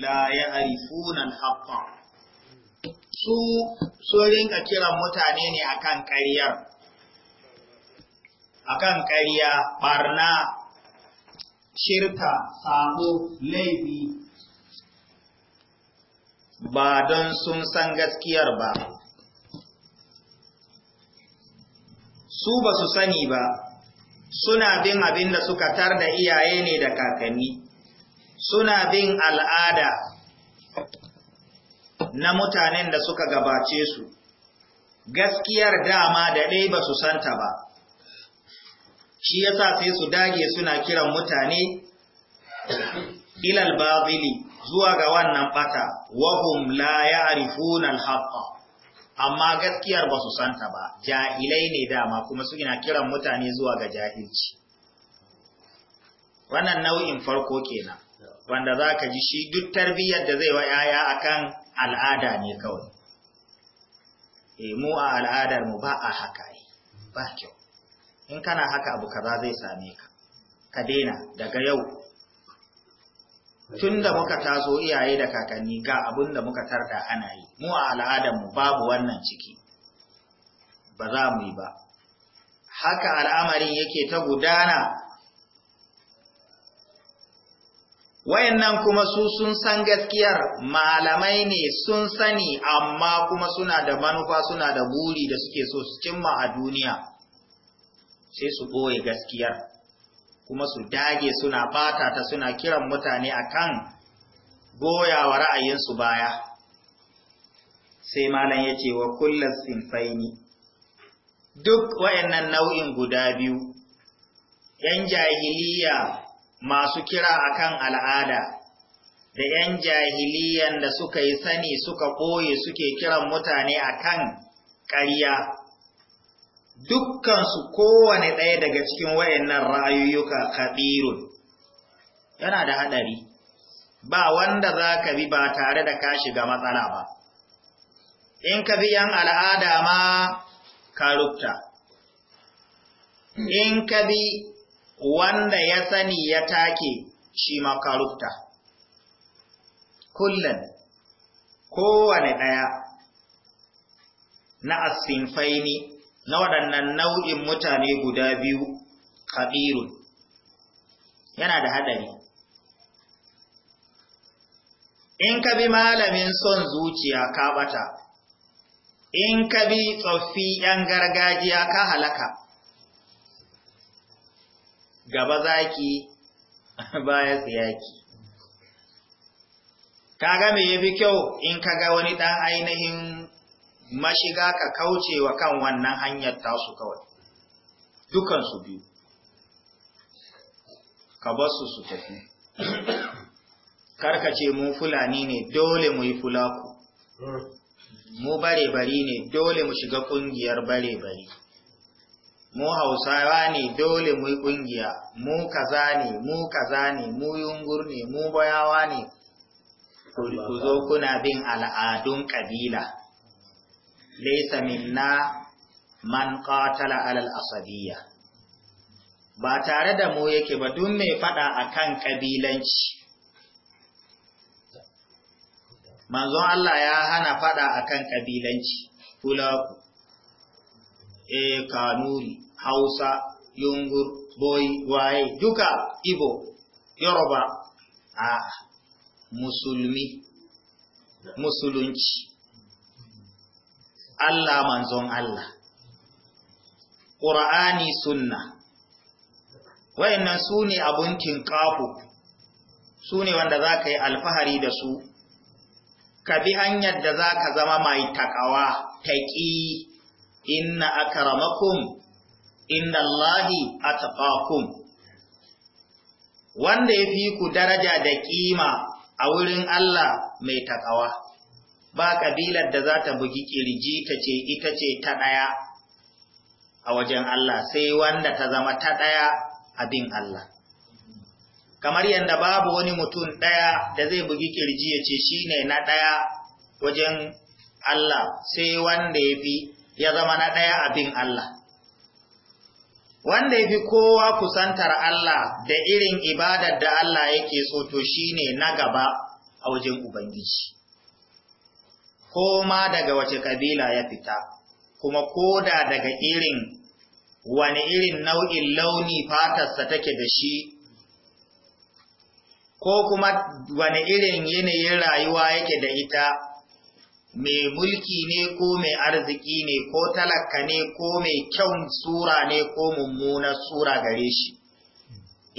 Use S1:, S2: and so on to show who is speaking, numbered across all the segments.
S1: la ya'rifuna al-haqqa su sun ka kiran mutane ne akan akan ƙarya barna shirka sabo laifi ba don sun san gaskiyar ba su ba su sani ba suna bin abin da suka tar da iyaye ne da kakanni suna bin al'ada na mutanen da suka gabace su, gaskiyar dama da ɗai ba su santa ba, shi yasa sai su dage suna kiran mutane ilal babili zuwa ga wannan bata, wahum la ya al haƙa, amma gaskiyar ba su santa ba, jahilai ne dama kuma suna kiran mutane zuwa ga jahilci. Wannan nau'in farko kenan. wanda za ka ji shi duk tarbiyyar da zai wa ‘ya'ya akan al'ada ne kawai. E, mu a al'adar mu ba a haka yi, ba kyau. In kana haka abu kaza zai same ka, ka daina daga yau. Tun da muka taso iyaye da kakanni ga abin da muka tarda ana yi, mu a al'adar mu babu wannan ciki, ba za mu yi ba. Haka al'amarin yake ta gudana wayannan kuma su sun san gaskiyar malamai ne sun sani amma kuma suna da manufa suna da buri da suke so su cimma a duniya sai su ɓoye gaskiyar kuma su dage suna bata ta suna kiran mutane akan goyawa ra'ayinsu baya sai malam ya ce wa kullum sinfaini duk wayannan nau'in guda biyu ‘yan jahiliya masu kira akan al'ada da ‘yan jahiliyan da suka yi sani suka ɓoye suke kiran mutane akan ƙarya dukkansu kowane ɗaya daga cikin wayannan ra'ayoyuka Kabiru, yana da haɗari ba wanda za ka bi ba tare da kashi ga matsala ba in ka bi ‘yan al'ada ma ka rubta in ka bi wanda ya sani ya take shi ma kullum kowane ɗaya na asinfaini na waɗannan nau'in mutane guda biyu kabirun yana da haɗari in ka bi malamin son zuciya ka ɓata in ka bi tsoffi ‘yan gargajiya ka halaka gaba zaki baya tsiyaki kaga me yafi kyau in kaga wani dan ainihin mashiga ka kauce wa kan wannan hanyar tasu kawai dukan su biyu ka ba su su tafi karkace mu fulani ne dole mu yi fulaku hmm. mu bare bari ne dole mu shiga ƙungiyar bare bari mu hausawa ne dole mu yi ƙungiya mu kaza ne mu kaza ne mu yungur ne mu bayawa ne ku zo kuna bin al'adun ƙabila laysa minna man qatala alal asabiyya ba tare da mu yake ba duk mai fada akan ƙabilanci manzon Allah ya hana fada akan ƙabilanci kula ku eh kanuri hausa yungur boy waye duka ibo yoruba a musulmi musulunci Allah manzon Allah Qur'ani sunna wayannan su ne abun tinkafu su ne wanda za ka yi alfahari da su ka bi hanyar da za ka zama mai takawa taƙi inna innallahi Allahi atqakum wanda ya fi ku daraja da kima a wurin Allah mai takawa ba kabilar da za ta bugi kirji ta ce ita ce ta ɗaya a wajen Allah sai wanda ta zama ta daya abin Allah kamar yadda babu wani mutum ɗaya da zai bugi ƙirji ya ce shi ne na daya wajen Allah sai wanda ya fi ya zama na ɗaya abin Allah. Wanda ya fi kowa kusantar Allah da irin ibadar da Allah yake so to shi ne na gaba a wajen Ubangiji. Ko ma daga wace kabila ya fita, kuma ko da daga irin wani irin nau'in launi fatarsa take da shi, ko kuma wani irin yanayin rayuwa yake da ita mai mulki ne ko mai arziki ne ko talaka ne ko mai kyau sura ne ko mummunar sura gare shi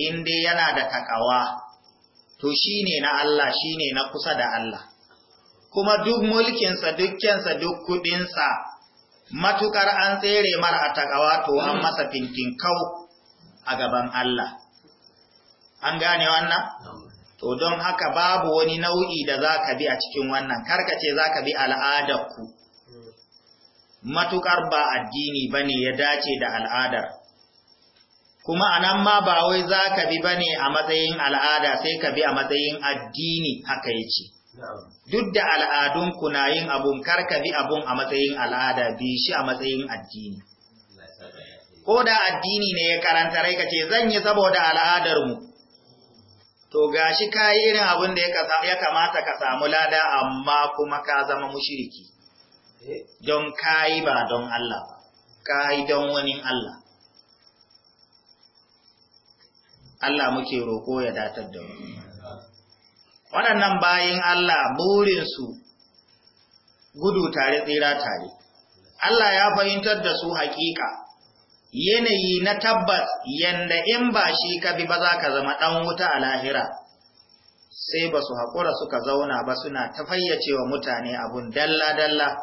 S1: in dai yana da takawa to shine na Allah shine na kusa da Allah kuma duk mulkinsa duk duk kudinsa matukar an tsere mara a takawa to an masa finkin kau a gaban Allah an gane wannan to don haka babu wani nau'i da za ka bi a cikin wannan karkace za ka bi al'adarku matukar ba addini ba ne ya dace da al'adar kuma a nan ma ba wai za ka bi ba ne a matsayin al'ada sai ka bi a matsayin addini haka ya ce duk da al'adun na yin abun karka bi abun a matsayin al'ada bi shi a matsayin addini ko da addini ne ya karanta rai ka ce zan yi saboda al'adarmu to gashi ka yi irin abin da ya kamata ka samu lada amma kuma ka zama mushiriki eh? don ka yi ba don Allah ba ka yi don wani Allah Allah muke roƙo ya datar da wani. waɗannan bayin Allah burinsu gudu tare tsira tare Allah ya fahimtar da su haƙiƙa yanayi na tabbas yanda in ba shi ka bi ba za ka zama ɗan wuta a lahira sai ba su haƙura suka zauna ba suna ta wa mutane abun dalla-dalla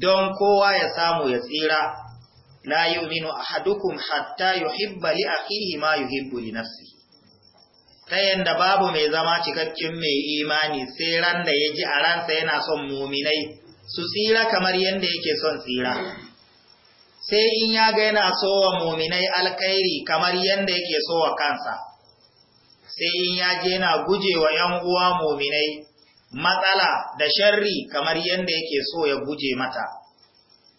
S1: don kowa ya samu ya tsira la yuminu ahadukum hatta yuhibba li akhihi ma yuhibbu li nafsihi ta yanda babu mai zama cikakken mai imani sai ran da ya ji a ransa yana son muminai su tsira kamar yanda yake son tsira sai in ya ga yana sowa muminai alkhairi kamar yadda yake sowa kansa sai in ya je yana wa yan uwa muminai matsala da sharri kamar yadda yake so ya guje mata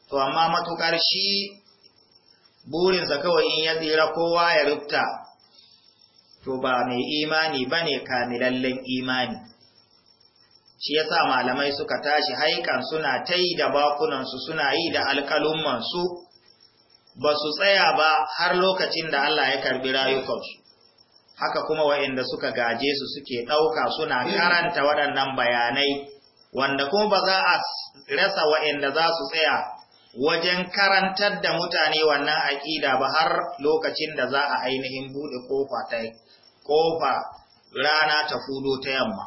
S1: to amma matukar shi burinsa kawai in ya tsira kowa ya rubta to ba mai imani bane kamilallen imani shi yasa malamai suka tashi haikan suna ta yi da bakunansu suna yi da alkalummansu ba su tsaya ba har lokacin da Allah ya karbi rayukansu. Haka kuma wa'inda suka gaje su suke ɗauka suna karanta waɗannan bayanai, wanda kuma ba za a rasa wa'inda za su tsaya wajen karantar da mutane wannan aƙida ba har lokacin da za a ainihin buɗe ƙofa rana ta fudo ta yamma.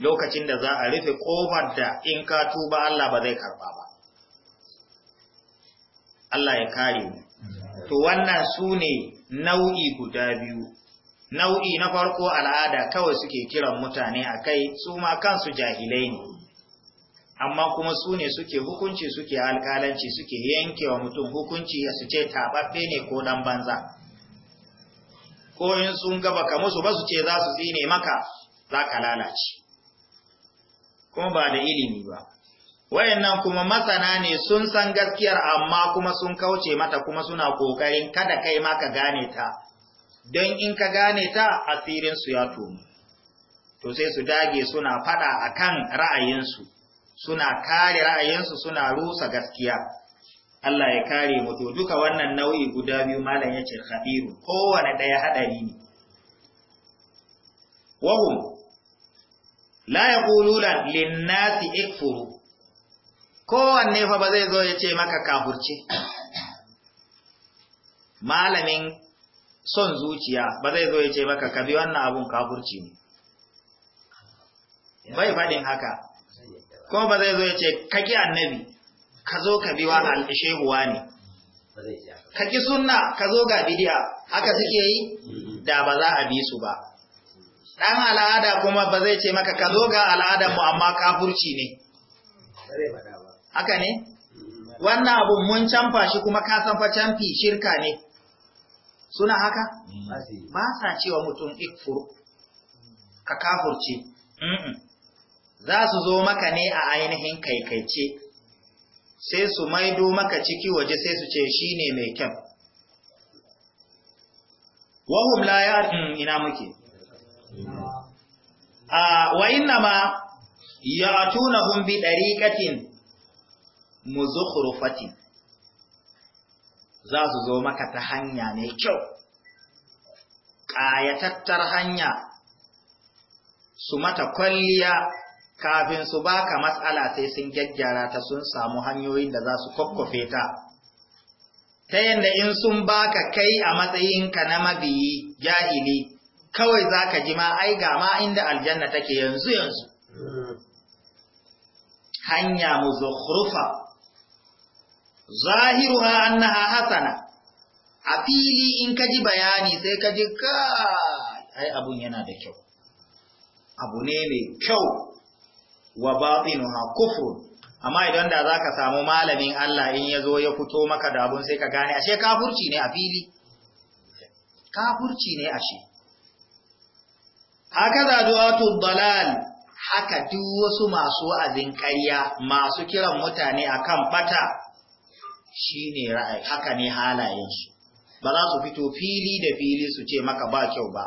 S1: Lokacin da za a rufe ƙofar da in ka tuba Allah ba zai karɓa ba. Allah ya kare mu to wannan su ne nau'i guda biyu nau'i na farko al'ada kawai suke kiran mutane a kai su ma kansu jahilai ne amma kuma su ne suke hukunci suke alƙalanci suke yankewa mutum hukunci su ce taɓaɓɓe ne ko ɗan banza ko in sun gaba ka musu ba su ce za su tsine maka za ka lalace kuma ba da ilimi ba wayannan kuma masana ne sun san gaskiyar amma kuma sun kauce mata kuma suna kokarin kada kai ma ka gane ta don in ka gane ta asirin su ya tomu to sai su dage suna fada akan ra'ayinsu suna kare ra'ayinsu suna rusa gaskiya Allah ya kare mu to duka wannan nau'i guda biyu malam yace khabiru kowane daya hadari ne wahum la yaquluna lin-nasi ikfuru kowanne fa ba zai zo ya ce maka kafurce malamin son zuciya ba zai zo ya ce maka ka bi wannan abun kafurci ne bai faɗin haka kuma ba zai zo ya ce ka ki annabi ka zo ka bi wa al'ishehuwa ne ka ki sunna ka zo ga bidiya haka suke yi da ba za a bi su ba ɗan al'ada kuma ba zai ce maka ka zo ga al'adarmu amma kafurci ne haka ne wannan abun mun canfa shi kuma ka san fa canfi shirka ne suna haka ba sa cewa mutum ikfur ka kafurce za su zo maka ne a ainihin kaikaice sai su maido maka ciki waje sai su ce shi ne mai kyau. Wahum la ya mm, ina muke. A ah, wa'inna ma ya atuna bi ɗariƙatin muzukhrufati za su zo maka ta hanya ne kyau ƙayatattar hanya su mata kwalliya kafin su baka matsala sai sun gaggara ta sun samu hanyoyin da za su kokkofe ta ta yadda in sun baka kai a matsayinka na mabiyi jahili kawai za ka ji ma ai ga ma inda aljanna take yanzu yanzu hmm. hanya mu zahiruha annaha hasana a fili in ka ji bayani sai ka ji ka ai abun yana da kyau abu ne mai kyau wa batinuha kufrun amma idan da zaka samu malamin Allah in yazo ya fito maka da abun sai ka gane ashe kafurci ne a fili kafurci ne ashe haka du'atu dalal haka duk wasu masu azin ƙarya masu kiran mutane akan bata shine ra'ayi haka ne halayensu ba za su fito fili da fili su ce maka ba kyau ba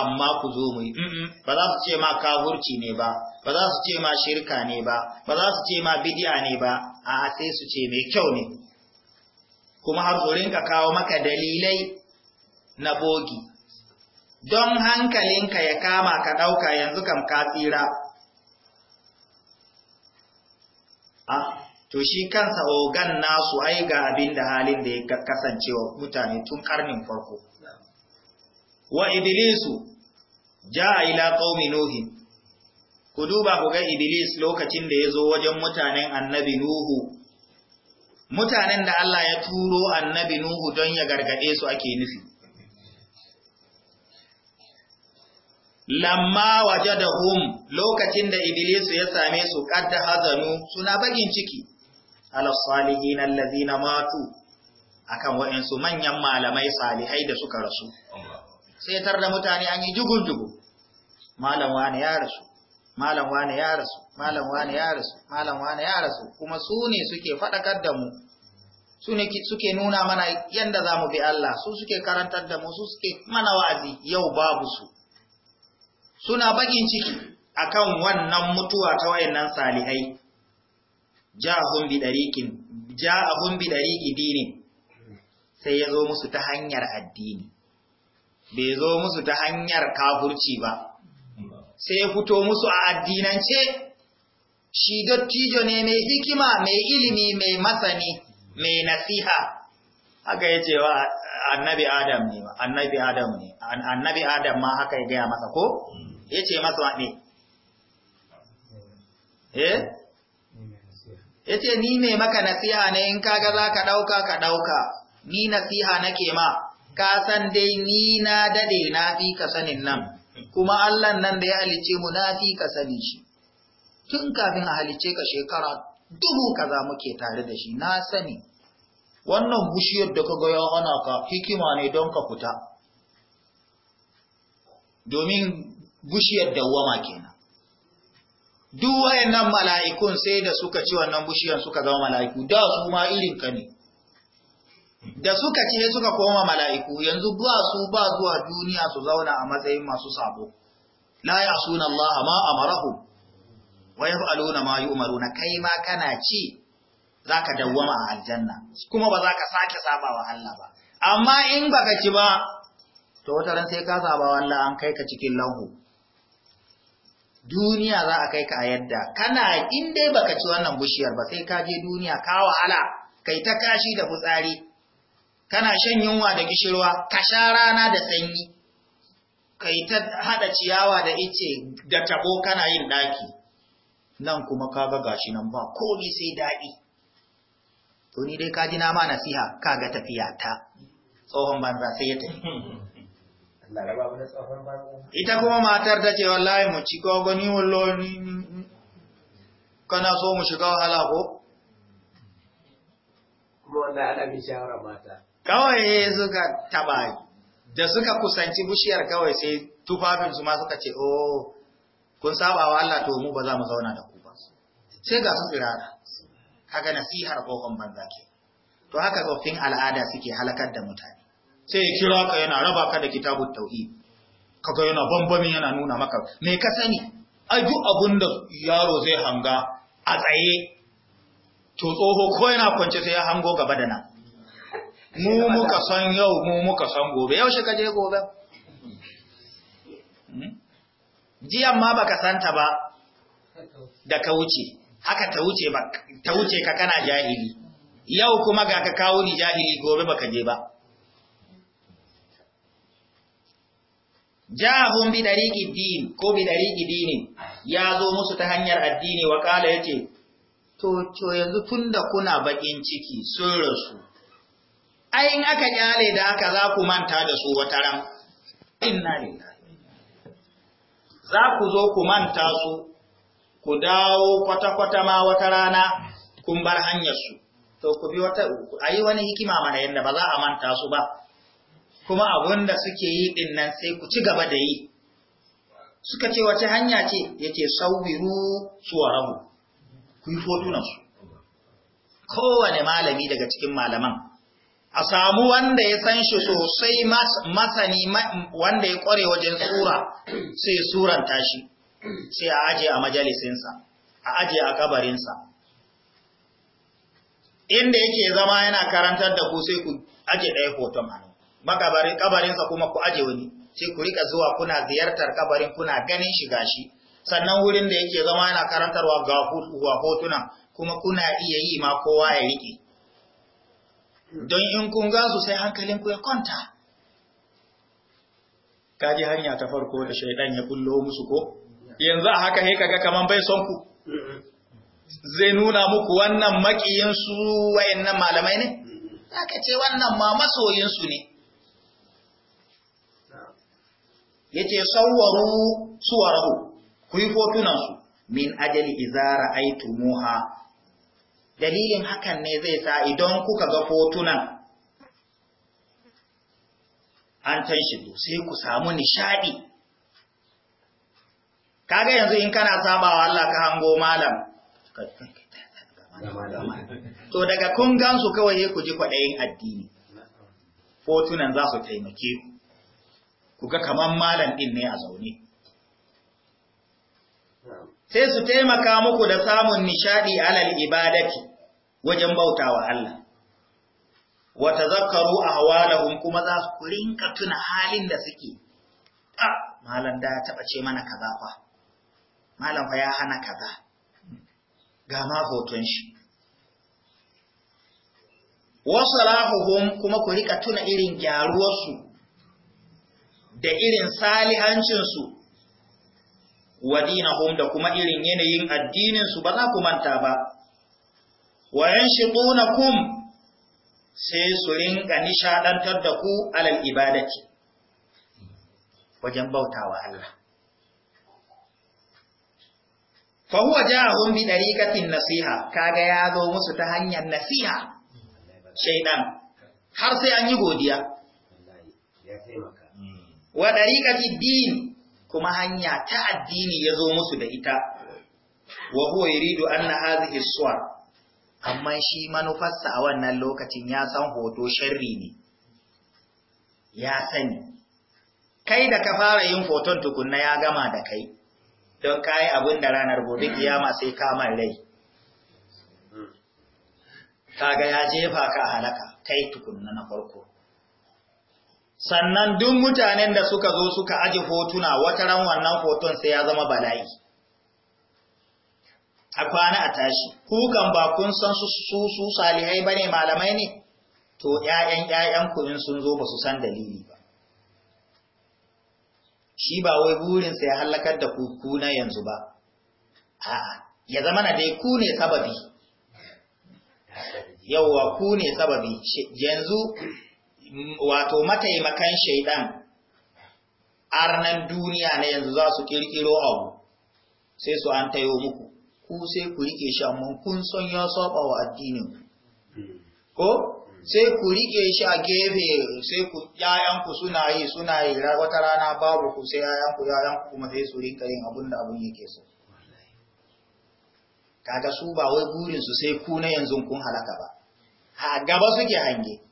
S1: amma ku zo mu yi ba za su ce ma kafurci ne ba ba za su ce ma shirka ne ba ba za su ce ma bidiya ne ba a sai su ce mai kyau ne kuma har su rinka kawo maka dalilai na bogi don hankalinka ya kama ka ɗauka yanzu kam ka tsira to shi kansa ogan nasu ai ga abin da halin da ya kasance wa mutane tun karnin farko wa iblisu ja ila qaumi nuhi. ku duba ku ga iblis lokacin da yazo wajen mutanen annabi nuhu mutanen da Allah ya turo annabi nuhu don ya gargade su ake nufi lamma wajadahum lokacin da iblis ya same su qad hazanu suna bagin ciki ala salihin allazina matu akan wa'ansu manyan malamai salihai da suka rasu sai tar da mutane an yi jugun jugu malam wani ya rasu malam wani ya rasu malam wani ya rasu malam wani ya rasu kuma su ne suke faɗakar da mu su ne suke nuna mana yadda za mu bi Allah su suke karantar da mu su suke mana wa'azi yau babu su suna bakin ciki akan wannan mutuwa ta wayannan salihai ja'ahum bi dariqin ja'ahum bi dariqi dinin sai ya zo musu ta hanyar addini bai zo musu ta hanyar kafurci ba sai ya fito musu a addinance shi dattijo ne mai hikima mai ilimi mai masani mai nasiha haka ya ce wa annabi adam ne annabi adam ne annabi adam ma haka ya gaya masa ko ya ce masa ne eh ya ce ni mai maka nasiha ne in kaga za ka ɗauka ka ɗauka ni nasiha nake ma ka san dai ni na daɗe na fi ka sanin nan kuma Allah nan da ya halice mu na fi ka sanin shi tun kafin a halice ka shekara dubu kaza muke tare da shi na sani wannan bushiyar da ka ga ana ka hikima ne don ka fita domin bushiyar dawwama kenan duk wayannan mala'ikun sai da suka ci wannan bishiyar suka zama mala'iku da su ma irin ka ne da suka ce suka koma mala'iku yanzu ba su ba zuwa duniya su zauna a matsayin masu sabo la ya'suna Allah ma amarahum wa yaf'aluna ma yu'maruna kai ma kana ci zaka dawwama a aljanna kuma ba za ka sake sabawa Allah ba amma in baka ci ba to wata ran sai ka sabawa Allah an kai ka cikin lahu duniya za a kai ka a yadda kana in dai baka ci wannan bushiyar ba sai ka je duniya ka wahala kai ta kashi da fitsari kana shan yunwa da gishirwa ka sha rana da sanyi kai ta hada ciyawa da ice da tabo kana yin daki nan kuma ga gashi nan ba komai sai dadi to ni dai ka ji na ma nasiha kaga tafiya ta tsohon banza sai ya tafi ita kuma matar ta ce wallahi mu ci gogoni walloni kana so mu shiga wahala ko kuma wanda ana bi shawara mata kawai suka taba da suka kusanci bishiyar kawai sai tufafin su ma suka ce oh kun saba wa Allah to mu ba za mu zauna da ku ba sai ga su tsirara kaga nasihar kokon banza ke to haka tsoffin al'ada suke halakar da mutane sai ya kira ka yana raba ka da kitabun tauhi kaga yana bambamin yana nuna maka me ka sani aju abun da yaro zai hanga a tsaye to tsoho ko yana kwance sai ya hango gaba da nan mu muka san yau mu muka san gobe yau shi kaje gobe hmm? jiyan ma baka santa ba da ka wuce haka ta wuce ba ta wuce ka kana jahili yau kuma ga ka kawo ni jahili gobe baka je ba ja'ahum bi dariqi din ko bi dariqi dini ya zo musu ta hanyar addini wa kala yace to to yanzu tunda kuna bakin ciki sun rasu ai in aka kyale da aka za ku manta da su wata ran inna lillahi za ku zo ku manta su ku dawo kwata-kwata ma wata rana kun bar hanyar su to ku bi wata ayi wani hikima mana yanda ba za a manta su ba kuma abun da suke yi din nan sai ku ci gaba da yi suka ce wace hanya ce ce sauwiru suwarahu ku yi fotunan kowane malami daga cikin malaman a samu wanda ya san shi sosai masani wanda ya kware wajen sura sai suranta shi sai a aje a majalisinsa a aje a kabarinsa inda yake zama yana karantar da ku sai ku aje ɗaya hoton hannu makabarin kabarinsa kuma ku aje wani sai ku rika zuwa kuna ziyartar kabarin kuna ganin shi gashi sannan wurin da yake zama yana karantarwa ga hotuna kuma kuna iya yi ma kowa ya rike don in kun gasu sai hankalinku ya kwanta kaji hanya ta farko da shaidan ya kullo musu ko yanzu a haka kaga kaman bai son ku zai nuna muku wannan makiyin su wayannan malamai ne ka ce wannan ma masoyinsu ne yace sawwaru suwarahu ku yi min ajali izara aitumuha dalilin hakan ne zai sa idan kuka ga fotunan. an tan shi sai ku samu nishadi kaga yanzu in kana sabawa Allah ka hango malam to daga kun gansu kawai ku ji kwaɗayin addini Fotunan za su taimake ku kuga kaman malam ɗin ne a zaune. Sai su taimaka muku da samun nishaɗi alal ibadati wajen bautawa Allah. Wata zakaru a hawalahun kuma za su rinka tuna halin da suke, ah, malam da ya taɓa ce mana kaza fa, malam fa ya hana kaza, ga ma hoton shi. Wasu rahuhun kuma ku rika tuna irin gyaruwarsu da irin salihancinsu wa dinahum da kuma irin yanayin addininsu ba za ku manta ba wa kum sai su rinka nishadantar da ku alal ibadati wajen bautawa Allah fa huwa ja'ahum bi dariqatin nasiha kaga ya zo musu ta hanyar nasiha shaydan har sai an yi godiya wa ɗariƙaci din kuma hanya ta addini ya zo musu da ita wa huwa yuridu anna hadhihi amma shi manufarsa a wannan lokacin ya san hoto sharri ne ya sani kai da ka fara yin hoton tukunna ya gama da kai don kayi abin da ranar gobe kiyama sai kamar rai kaga ya jefa ka halaka kai tukunna na farko sannan duk mutanen da suka zo suka aje hotuna wata ran wannan hoton sai ya zama bala'i a kwana a tashi kukan ba kun san su su su salihai bane malamai ne to ƴaƴan ƴaƴan ku in sun zo ba su san dalili ba shi ba wai burin sai halakar da ku ku na yanzu ba a'a ya zama na dai ku ne sababi yauwa ku ne sababi yanzu wato mataimakan shaidan arnan duniya na yanzu za su kirkiro abu sai su an tayo muku ku sai ku rike shi amma kun son ya saba wa addinin ko sai ku rike shi a gefe sai ku yayanku suna yi suna yi wata rana babu ku sai yayanku yayanku kuma sai su rinka yin abin da abin yake so kaga su ba wai burin su sai ku na yanzu kun halaka ba a gaba suke hange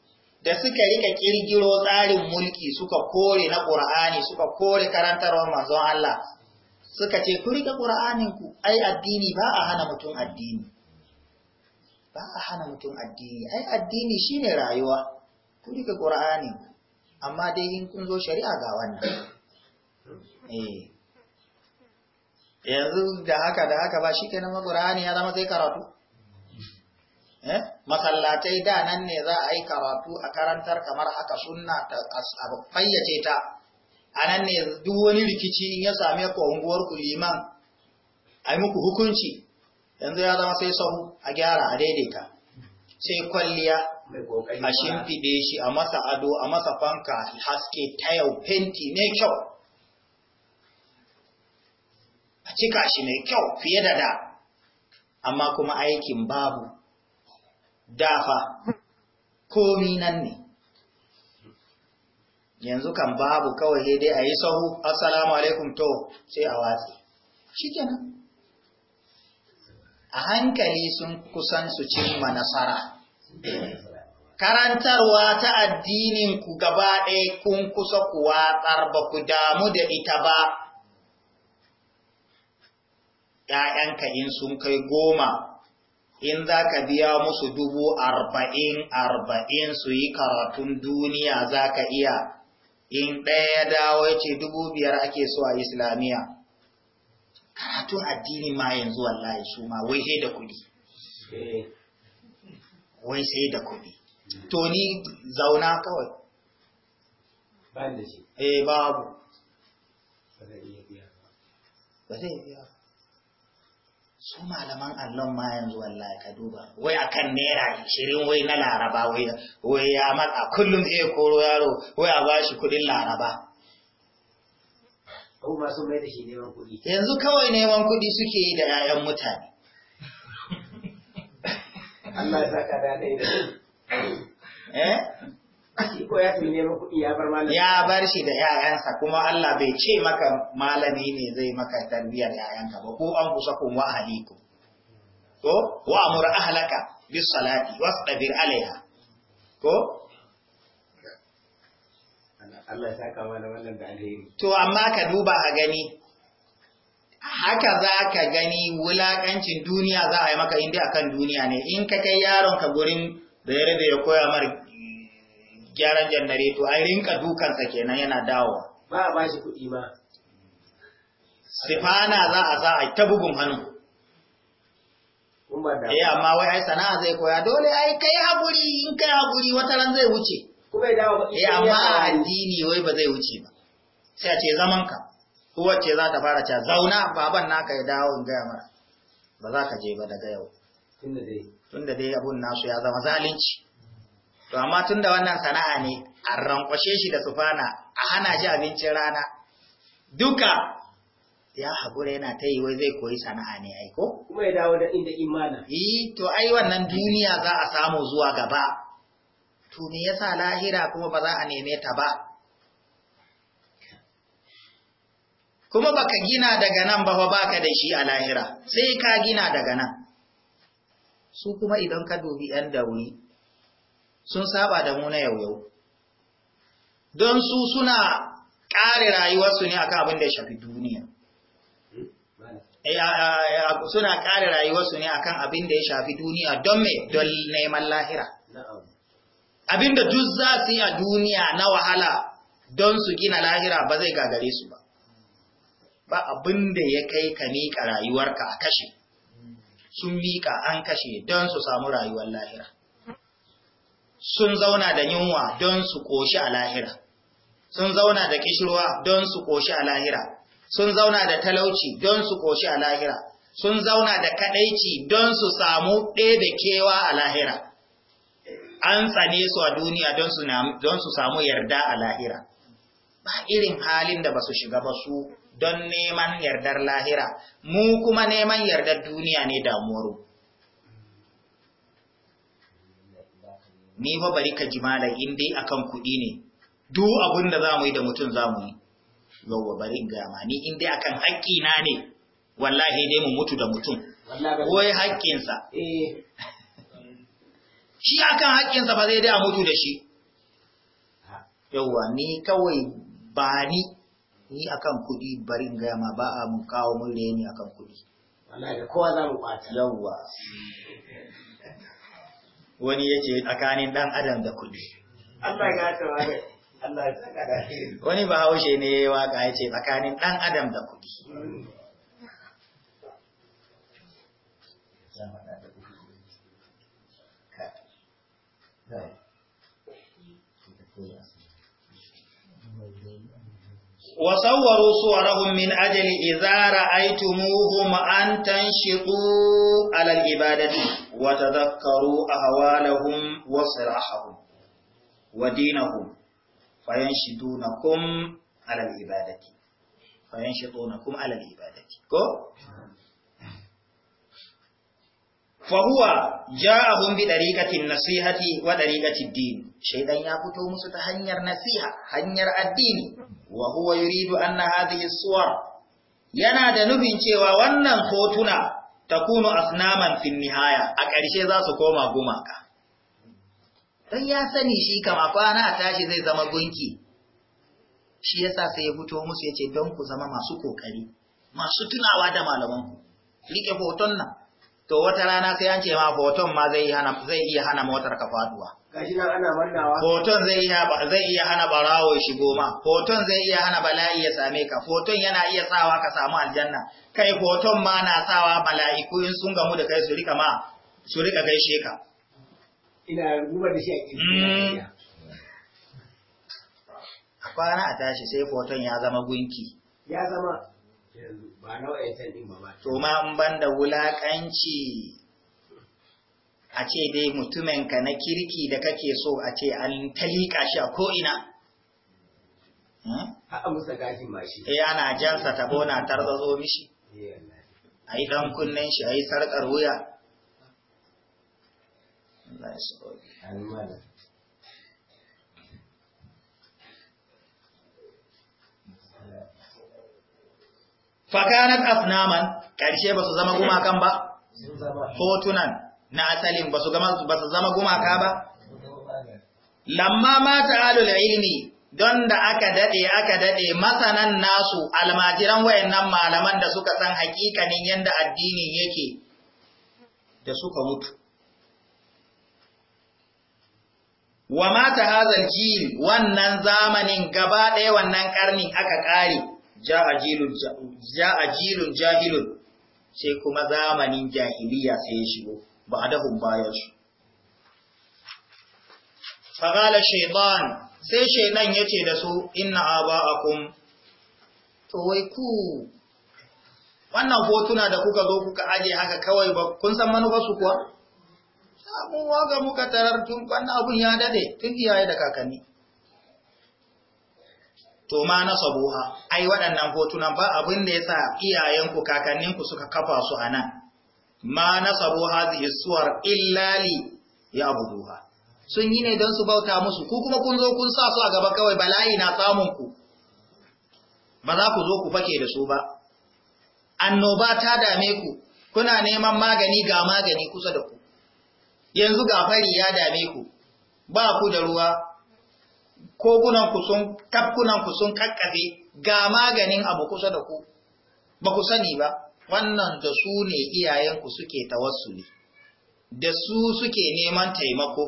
S1: da suka rika kirgiro tsarin mulki suka kore na ƙur'ani suka kore karantarwar manzon Allah suka ce ku rika ƙura'aninku ai addini ba a hana mutum addini ba a hana mutum addini ai addini shine rayuwa ku rika ƙur'anin amma dai in kun zo shari'a ga wannan eh. yanzu da haka da haka ba shi kenan ƙura'ani ya zama sai karatu eh masallatai da nan ne za a yi karatu a karantar kamar haka sunna ta fayyace ta a nan ne duk wani rikici in ya same ku unguwar ku liman a yi muku hukunci yanzu ya zama sai sahu a gyara a daidaita sai kwalliya a shimfiɗe shi a masa ado a masa fanka haske ta yau. fenti ne kyau a cika shi mai kyau fiye da da amma kuma aikin babu dafa komi nan ne yanzu kan babu kawai dai a yi sahu assalamu alaikum to sai a watsi shi a hankali sun kusan su cimma nasara karantarwa ta addinin ku gaba ɗaya kun kusa ku watsar ba ku damu da ita ba ‘ya'yanka in sun kai goma in za ka biya musu dubu arba'in arba'in su yi karatun duniya za ka iya in ɗaya ya dawo ya ce dubu biyar ake so a islamiyya karatun addini ma yanzu wallahi su ma wai sai da kuɗi wai sai da kuɗi to ni zauna kawai Ba da shi. eh babu ba zai biya ba. su malaman allon ma yanzu wallahi ka duba wai akan naira shirin wai na laraba wai ya matsa kullum sai koro yaro wai a bashi kudin laraba yanzu kawai neman kudi suke yi da 'ya'yan mutane Allah ya saka da ɗaya eh ya bar shi da ‘ya'yansa kuma Allah bai ce maka malami ne zai maka tarbiyyar ‘ya'yanka ba, ko an kusa kun wa'aliku, ko wa'amura ahalaka bis salati wasu ɗabir alaiha, ko? Allah ya saka mana wannan da alheri. To, amma ka duba a gani, haka za ka gani wulaƙancin duniya za a yi maka inda akan duniya ne, in ka kai yaronka gurin da ya rabe ya koya mara gyaran janareto ai rinka dukansa kenan yana dawo. ba a bashi kuɗi ba sifana za a sa a ta bugun hannu eh amma wai ai sana'a zai koya dole ai kai haguri in kai haguri wata ran zai wuce eh amma addini wai ba zai wuce ba sai a ce zaman ka uwar ce za ta fara cewa zauna baban naka ya dawo in gaya mara ba za ka je ba daga yau tunda dai abun nasu ya zama zalunci to amma tun da wannan sana'a ne a rankwashe shi da sufana a hana shi abincin rana duka ya haƙura yana ta yi wai zai koyi sana'a ne aiko? Kuma ya dawo da inda imana. Yi, to ai wannan duniya za a samu zuwa gaba, to me yasa lahira kuma ba za a neme ta ba. Kuma baka gina daga nan ba ba ka da shi a lahira, sai ka gina daga nan. Su kuma idan ka dubi ‘yan da sun saba da mu na yau don su suna ƙare rayuwarsu ne akan abin da ya shafi duniya eh, eh, eh, suna ƙare rayuwarsu ne akan abin da ya shafi duniya don me don neman lahira abin da duk za su yi a duniya na wahala don su gina lahira ba zai gagare su ba ba abin da ya kai ka miƙa rayuwarka a kashe sun miƙa an kashe don su samu rayuwar lahira sun zauna da yunwa don su ƙoshi a lahira, sun zauna da kishirwa don su ƙoshi a lahira, sun zauna da talauci don su ƙoshi a lahira, sun zauna da kaɗaici don su samu ɗebe kewa a lahira. An tsane su a duniya don su samu yarda a lahira. Ba irin halin da ba su shiga ba su don neman yardar lahira, mu kuma neman yardar duniya ne damuwarmu. ni ba bari ka ji malam in dai akan kuɗi ne duk abin da mu yi da mutum mu yi yawwa bari ga ma ni in dai akan haƙƙi na ne wallahi dai mu mutu da mutum wai haƙƙinsa eh. shi akan haƙƙinsa ba zai dai a mutu da shi yawwa ni kawai ba ni ni akan kuɗi barin ma, ba a mun kawo mun reni akan kuɗi. Wallahi kowa za mu ɓata. Yawwa. wani ya ce tsakanin ɗan adam da kuɗi. Allah ya Wani bahaushe ne ya yi waka ya ce tsakanin ɗan adam da kuɗi. Right. وصوروا صورهم من أجل إذا رأيتموهم أن تنشطوا على العبادة وتذكروا أهوالهم وصراحهم ودينهم فينشدونكم على العبادة فينشطونكم على العبادة كو fahuwa ja'ahum bi dariqatin nasihati wa dariqatid din Shaidan ya fito musu ta hanyar nasiha hanyar addini wa huwa yuridu anna hadhihi suwar yana da nufin cewa wannan hotuna ta takunu asnaman fin nihaya a ƙarshe za su koma gumaka dan ya sani shi kama kwana a tashi zai zama gunki shi yasa sai ya fito musu yace don ku zama masu kokari masu tunawa da malaman ku. rike hoton nan to wata rana sai an ce ma hoton ma zai iya hana motar ka faduwa hoton zai iya hana barawo shi shigo ma hoton zai iya hana bala'i ya same ka hoton yana iya sawa ka samu aljanna kai hoton ma na sawa mala'iku in sun gamu da kai su rika ma su rika gaishe ka ina gubar da shi hmm. a kwana a tashi sai hoton ya zama gunki ya zama Ba na ɗin ba To ma in ban da wulaƙanci a ce dai ka na kirki da kake so a ce an talika shi a ko'ina? Hmm? a musa shi Eh ana jansa ta na tarzazo mishi. Eh, a yi ɗan kunnen shi a yi sarƙar wuya. Allah ya fakanat asnaman karshe ba su zama gumakan ba hotunan na asalin ba su zama gumaka ba lamma mata alul ilmi don da aka dade aka dade masanan nasu almajiran wayannan malaman da suka san hakikanin yanda addinin yake da suka mutu wa mata hazal jil wannan zamanin gaba ɗaya wannan karni aka ƙare Ja'ajirin jilun jahilun sai kuma zamanin jahiliya sai ya shigo ba a dahun bayan su. Fagala shaitan sai shaitan ya ce da su inna a kun. to wai ku wannan hotuna da kuka zo kuka aje haka kawai ba kun san manufarsu kuwa? Samuwa ga muka tarar tun wannan abun ya dade tun iyaye da kakanni. to ma nasabuha ai waɗannan hotunan ba abin da yasa iyayenku kakanninku suka kafa su anan ma nasabu hadhihi suwar illa li ya'buduha sun yi ne don su bauta musu ku kuma kun zo kun sa su a gaba kawai bala'i na samun ku ba za ku zo ku fake da su ba annoba ta dame ku kuna neman magani ga magani kusa da ku yanzu ga fari ya dame ku ba ku da ruwa kogunanku sun tafkunanku sun kakkafe ga maganin abu kusa da ku ba ku sani ba wannan da su ne iyayenku suke tawassuli da su suke neman taimako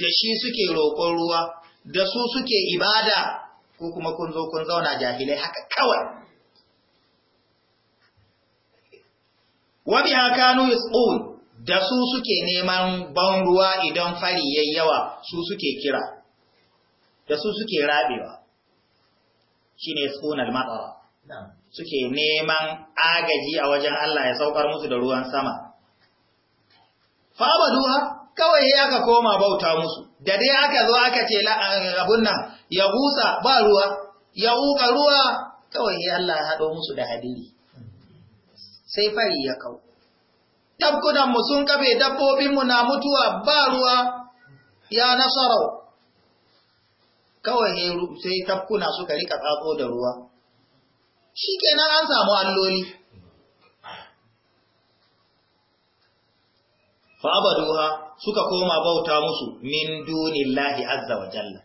S1: da shi suke roƙon ruwa da su suke ibada ko kuma kun zo kun zauna jahilai haka kawai wabi hakanu yasqun da su suke neman ban ruwa idan fari yayi yawa su suke kira da su suke rabewa shine yasquna al suke neman agaji a wajen Allah ya saukar musu da ruwan sama fa baduha kawai aka koma bauta musu da dai aka zo aka ce abun nan ya gusa ba ruwa ya uka ruwa kawai Allah ya haɗo musu da hadiri sai fari ya kau tabkunan mu sun kafe dabbobin mu na mutuwa ba ruwa ya nasarau kawai sai tafkuna suka rika tsatso da ruwa shi kenan an samu alloli fa'abaduha suka koma bauta musu min dunillahi azza wa jalla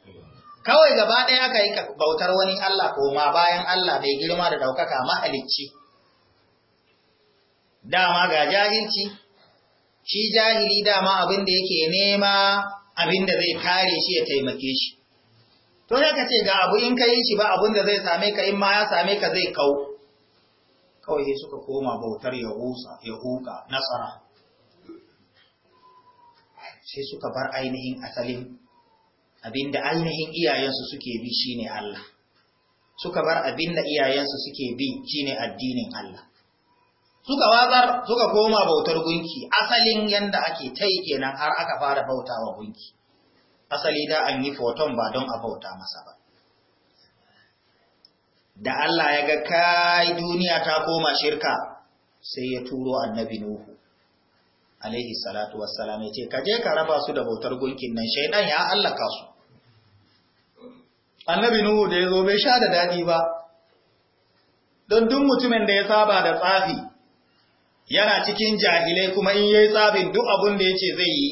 S1: kawai gaba ɗaya aka yi bautar wani Allah koma bayan Allah bai girma da ɗaukaka mahalicci dama ga jahilci shi jahili dama abin da yake nema abin da zai kare shi ya taimake shi to sai ka ce ga abu in ka yi shi ba abun da zai same ka in ma ya same ka zai kau kawai sai suka koma bautar ya ya huka nasara sai suka bar ainihin asalin abinda ainihin iyayensu suke bi shine Allah suka bar abinda iyayensu suke bi shine addinin Allah suka wazar suka koma bautar gunki asalin yanda ake tai kenan har aka fara bautawa gunki asali da an yi foton ba don a bauta masa ba da Allah ya ga kai duniya ta koma shirka sai ya turo annabi Nuhu alaihi salatu wassalam ya ce ka je ka raba su da bautar gulkin nan shaidan ya ka su annabi Nuhu da ya zo bai sha da daɗi ba don duk mutumin da ya saba da tsafi yana cikin jahilai kuma in yayi tsafin duk abun da yace zai yi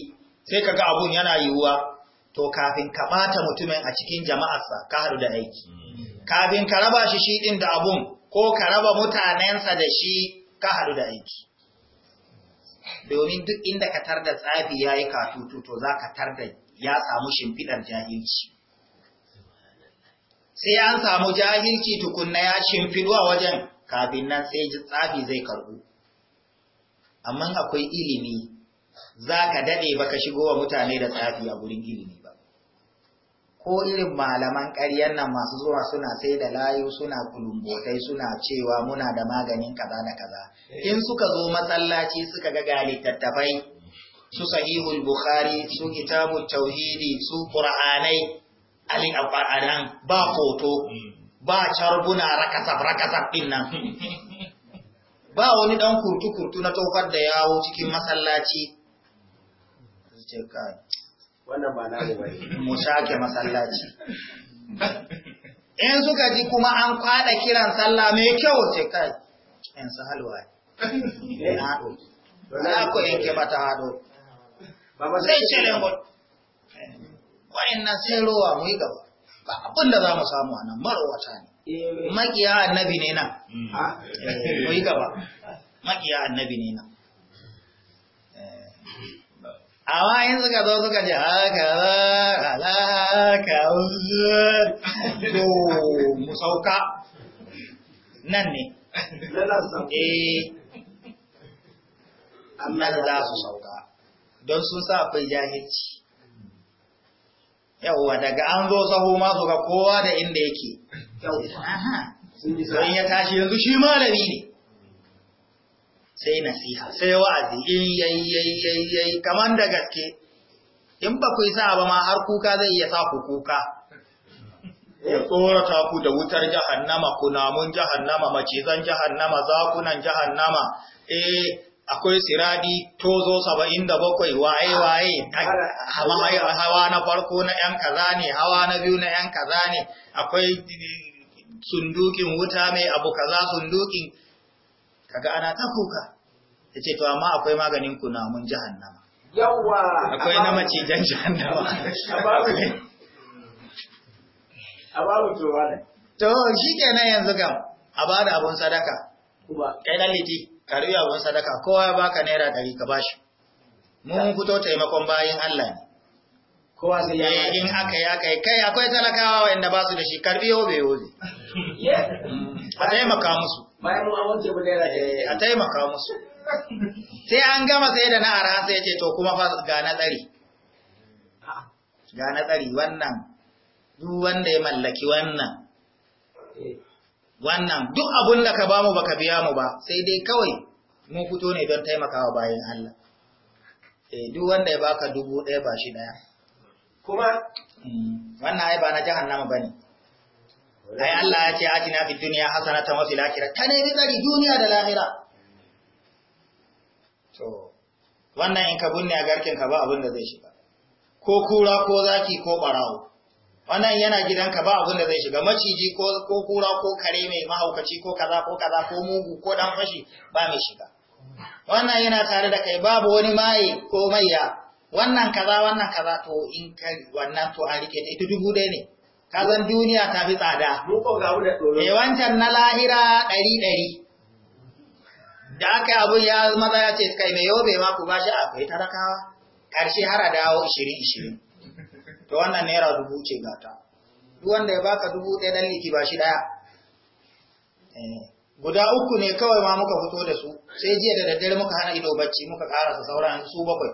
S1: sai ka ga abun yana yiwuwa to kafin ka bata mutumin a cikin jama'arsa ka haɗu da aiki mm. kafin ka raba shi shi din da abun ko ka raba mutanensa da shi ka haɗu da aiki domin duk inda ka tar da tsafi ya yi katutu to za ka tar da ya samu shimfiɗar jahilci sai an samu jahilci tukunna ya shimfiɗu a wajen kafin nan sai ji tsafi zai karɓu amma akwai ilimi za ka daɗe baka shigo wa mutane da tsafi a gurin ilimi ko irin malaman ƙaryar nan masu zuwa suna sai da layu suna kulumbotai suna cewa muna da maganin kaza da kaza eh. in suka zo masallaci suka ga ga littattafai su sahihul bukhari su kitabu tauhidi su qur'anai alin alquran ba hoto hmm. ba carbuna rakasab rakasab din ba wani dan kurtu kurtu na tofar da yawo cikin masallaci wannan ba ba ne. mu sake masallaci in suka ji kuma an kwada kiran sallah mai kyau sai kai in sa halwa ne hado za ku yanke bata hado ba ba sai ce ne na sai ruwa mu yi gaba ba abin da za mu samu a nan wata ne eh, makiya annabi ne na. Eh, mu yi gaba makiya annabi ne na. amma in suka zo suka ce haka ba alaka to mu sauka nan ne eh nan za su sauka don sun sa akwai jahilci yawwa daga an zo sahu ma su ga kowa da inda yake don ya tashi yanzu shi malami ne sai nasiha sai wa'azi yayi kamar da gaske in ba ku ba ma har kuka zai iya sa ku kuka ya tsorata ku da wutar jahannama kunamun jahannama macizan jahannama zakunan jahannama eh akwai siradi tozo saba'in da bakwai waye-waye hawa na farko na ‘yan kaza ne hawa na biyu na ‘yan kaza ne akwai sundukin wuta mai abu kaza sundukin kaga ana ta kuka yace to amma akwai maganin ku mun jahannama yawa akwai na jan jahannama a ababu to wala to shikenan yanzu kam a bada abun sadaka kai dan liti ka abun sadaka kowa ya baka naira ɗari ka bashi mun fito taimakon bayin Allah ne kowa sai ya yi eh, in aka yi aka yi kai akwai talakawa wanda ba su da shi karbi yobe yobe a taimaka musu bayan mu wanke mu naira ɗaya a taimaka musu sai an gama sai da na ara sai ce to kuma fa ga na tsari ga na tsari wannan duk wanda ya mallaki wannan eh. wannan duk abun da ka ba mu baka biya mu ba sai dai kawai mun fito ne don taimakawa bayan Allah eh duk wanda ya baka dubu ɗaya ba shi ɗaya kuma hmm. wannan ai ba na jahannama bane ai Allah ya ce atina fid dunya hasanatan wa fil akhirah ka nemi tsari duniya da lahira to wannan in ka binne a garkin ka ba abin da zai shiga ko kura ko zaki ko barawo wannan yana gidanka ba abin da zai shiga maciji ko ko kura ko kare mai mahaukaci ko kaza ko kaza ko mugu ko dan fashi ba mai shiga wannan yana tare da kai babu wani maye ko maiya wannan kaza wannan kaza to in ka wannan to a rike ta ita dubu ɗaya ne kazan duniya ta fi tsada e wancan na lahira ɗari ɗari da aka abu ya maza ya ce kai mai yobe ma ba bashi akwai tarakawa ƙarshe har a dawo ishirin ishirin to wannan naira dubu ce gata duk wanda ya baka dubu ɗaya ɗan liki ba shi ɗaya eh, guda uku ne kawai ma muka fito da su sai jiya da daddare muka hana ido bacci muka karasa sauran su bakwai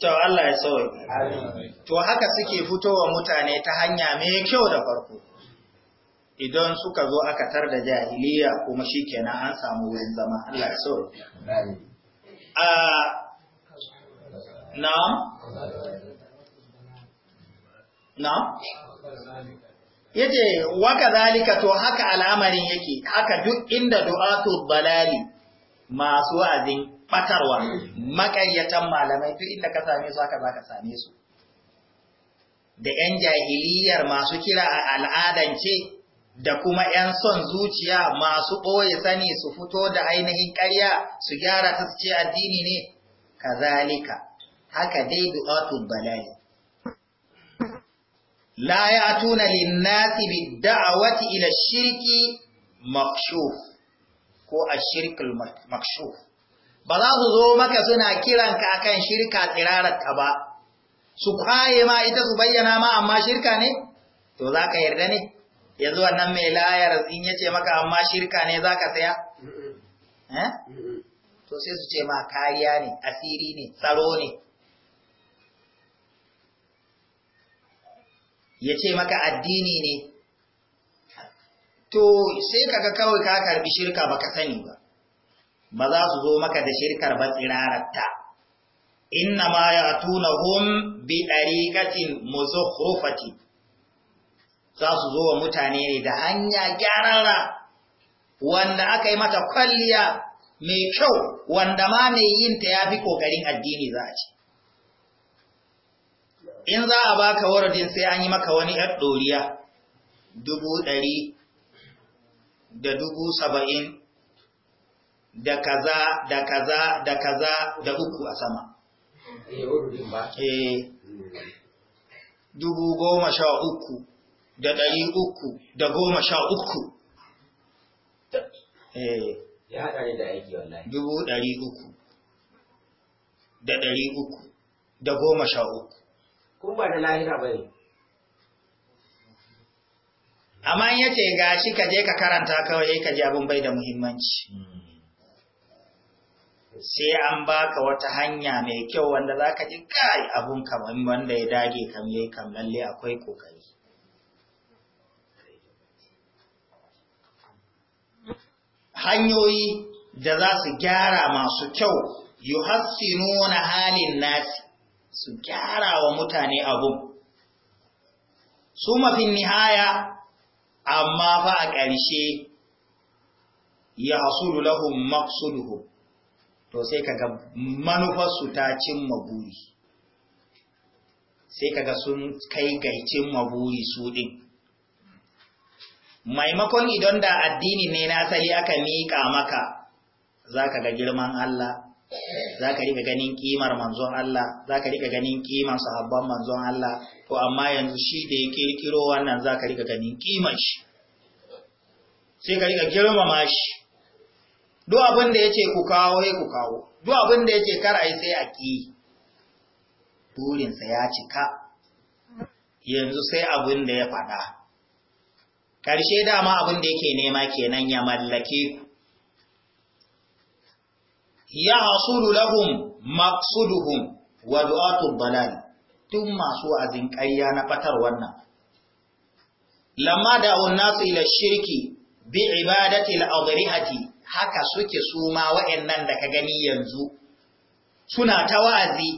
S1: To Allah ya sauye. To haka suke fitowa mutane ta hanya mai kyau da farko. Idan suka zo aka tar da jahiliya kuma shi kenan an samu wurin zama Allah ya sauye. A na? Na? Yace waka zalika to haka al'amarin yake haka duk inda du'atu balali masu wa'azin batarwa makayyatan malamai duk inda ka same su haka zaka same su da yan jahiliyar masu kira a al'adance da kuma yan son zuciya masu ɓoye sani su fito da ainihin ƙarya su gyara ta su ce addini ne kazalika haka dai du'atul balali bid-da'wati ila ash shirki makshuf ko ash-shirkul makshuf ba za su zo maka suna kiranka akan shirka tsirararka ba su kwaye ma ita su bayyana ma amma shirka ne to za ka yarda ne yanzu wannan mai layar in ya ce maka amma shirka ne za ka tsaya eh? to sai su ce ma kariya ne asiri ne tsaro ne ya ce maka addini ne to sai ka kawai ka karbi shirka ba ka sani ba ba za su zo maka da shirkar ba tsirararta inna ma ya tuna hun bi ɗariƙacin muzuhrufati za su zo wa mutane ne da hanya gyarara wanda aka yi mata kwalliya mai kyau wanda ma mai yinta ya fi ƙoƙarin addini za a ce in za a baka waradin sai an yi maka wani ‘yar ɗoriya dubu ɗari da dubu saba'in da kaza da kaza da kaza da uku a sama eh dubu goma sha uku da ɗari uku da goma sha uku eh, ya haɗa ne da aiki wallahi dubu ɗari uku da ɗari uku da goma sha uku kun ba da lahira bai. amma yace gashi ka je ka karanta kawai eh, ka ji abin bai da muhimmanci hmm. sai an baka wata hanya mai kyau wanda za ka ji kai abun kamar wanda ya dage kam yai kam lalle akwai kokari hanyoyi da za su gyara masu kyau nuna halin nasi su gyara wa mutane abun su mafi nihaya amma fa a ƙarshe ya hasulu lahum maqsuduhum to sai kaga manufarsu ta cimma buri sai kaga sun kai ga cimma buri su din maimakon idan da addini ne na sai aka miƙa maka za ka ga girman Allah za ka rika ganin kimar manzon Allah za ka rika ganin kimar sahabban manzon Allah to amma yanzu shi da ya kirkiro wannan za ka rika ganin kimar shi sai ka rika girmama shi duk abin da ce ku kawo ya ku kawo duk abin da yace kar yi, sai a ƙi. Turinsa ya cika yanzu sai abin da ya faɗa karshe dama abin da yake nema kenan ya mallake ku ya hasulu lahum maqsuduhum wa du'atun balal tun masu azin ƙarya na fatar wannan lamma da nasu ila shirki bi ibadatil adrihati haka suke su ma wa'annan da ka gani yanzu suna ta wa'azi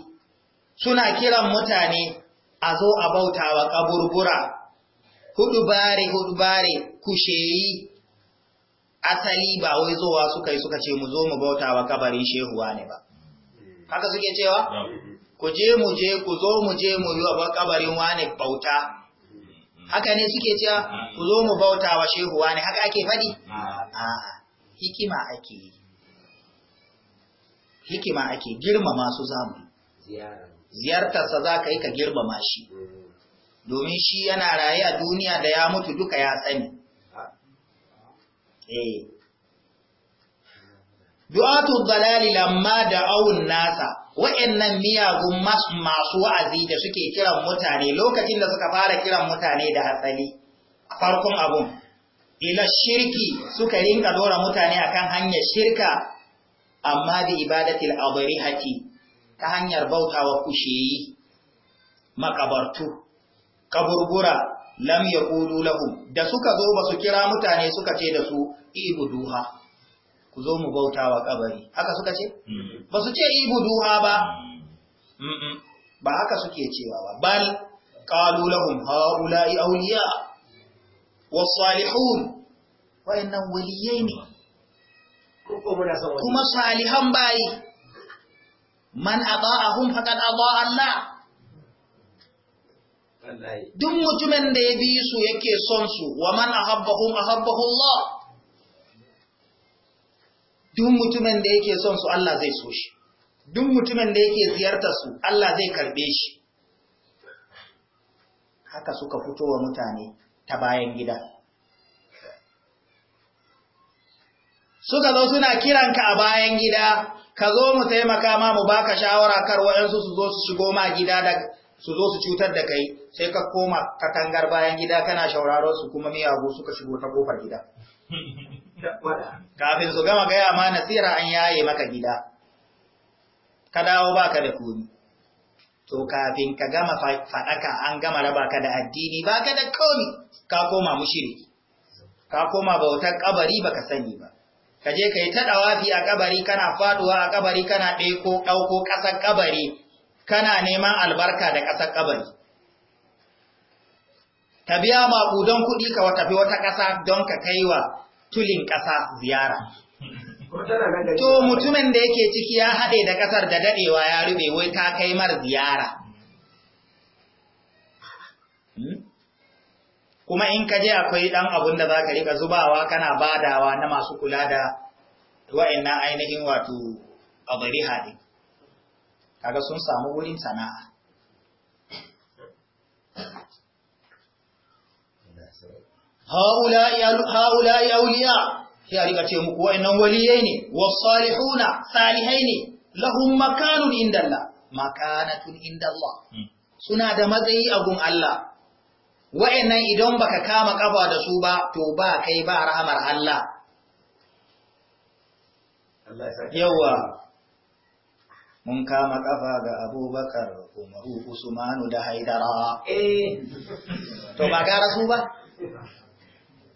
S1: suna kiran mutane a zo a bautawa kaburbura hudu bare hudu bare kusheyi asali ba wai zowa suka yi suka ce mu zo mu bautawa kabarin shehuwa ne ba haka suke cewa ku je mu je ku zo mu je mu yi wa kabarin wani bauta haka ne suke cewa ku zo mu bauta wa shehu wani haka ake faɗi? A'a. hikima ake yi hikima ake girmama su zamu ziyartarsa za ka yi ka girmama shi mm. domin shi yana raye a duniya da ya mutu duka ya tsani eh. du'atu dalali lamma da awun nasa wa'annan miyagun masu wa'azi da suke kiran mutane lokacin da suka fara kiran mutane da hatsali a farkon abun ila shirki suka rinka dora mutane akan hanyar shirka amma bi ibadatil adrihati ta hanyar bautawa kushiyi makabartu kaburbura lam yaqulu lahum da suka zo ba su kira mutane suka ce da su ibuduha ku zo mu bautawa kabari haka suka ce mm. ba su ce ibuduha ba ba haka suke cewa ba bal qalu lahum haula'i awliya' wasalihun wayannan waliyai ne kuma salihan bayi man ada'ahum faqad ada'a Allah duk mutumin da ya bi su yake son su wa man ahabbahum ahabbahu Allah duk mutumin da yake son su Allah zai so shi duk mutumin da yake ziyarta su Allah zai karbe shi haka suka fito wa mutane ta bayan gida suka zo suna kiranka a bayan gida ka zo mu taimaka ma mu baka shawara kar waɗansu su zo su shigo ma gida da su zo su cutar da kai sai ka koma katangar bayan gida kana shauraron su kuma miyagu suka shigo ta kofar gida kafin su gama gaya ma nasira an yaye maka gida ka dawo baka da kuri. to kafin ka gama faɗaka an gama raba ka da addini ba ka da komi ka koma mushiri ka koma bautar kabari baka sani ba ka je ka yi ta dawafi a kabari kana faɗuwa a kabari kana ɗauko ɗauko ƙasar kabari kana neman albarka da ƙasar kabari ka biya maƙudan kuɗi ka tafi wata ƙasa don ka kai wa tulin ƙasa ziyara To mutumin da yake ciki ya haɗe da ƙasar da daɗewa ya rube wai ta kai mar ziyara. Hmm? Kuma in ka je akwai ɗan abun da za ka riƙa zubawa kana badawa na masu kula da wa'innan ainihin wato a bari haɗe. Kaga sun samu wurin sana'a. Ha'ula ya auliya sai a rika ce muku wa'annan waliyai ne wasalihuna salihai ne lahum makanun Allah makanatun Allah hmm. suna da matsayi a gun Allah wa'annan idan baka kama kafa da su ba to ba kai ba rahamar Allah yawa mun kama kafa ga abubakar umaru usmanu da haidara eh to ba gara su ba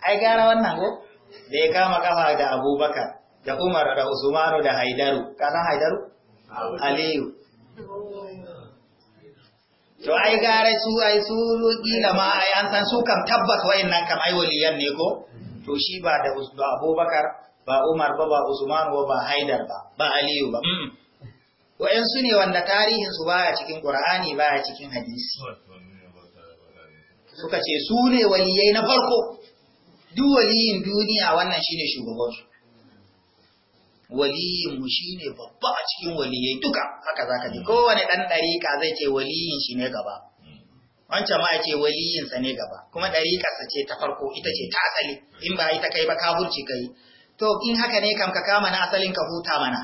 S1: ai gara wannan ko da ya kama kafa da abubakar da umar da usmanu da haidaru ka san haidaru aliyu to ai gare su ai su kila ma ai an san su kam tabbas wayannan kam ai waliyan ne ko to shi ba da abubakar ba umar ba ba usmanu ba ba haidar ba ba aliyu ba mm. wayansu ne wanda tarihin su baya cikin qur'ani baya cikin hadisi suka ce su ne waliyai na farko duk waliyin duniya wannan shine shugabansu waliyin mu shine babba a cikin waliyai duka haka zaka ji kowane dan dariƙa zai ce waliyin shi ne gaba wancan ma ce waliyin sa ne gaba kuma dariƙar sa ce ta farko ita ce ta asali in ba ita kai ba ka hurci kai to in haka ne kam ka kama na asalin ka huta mana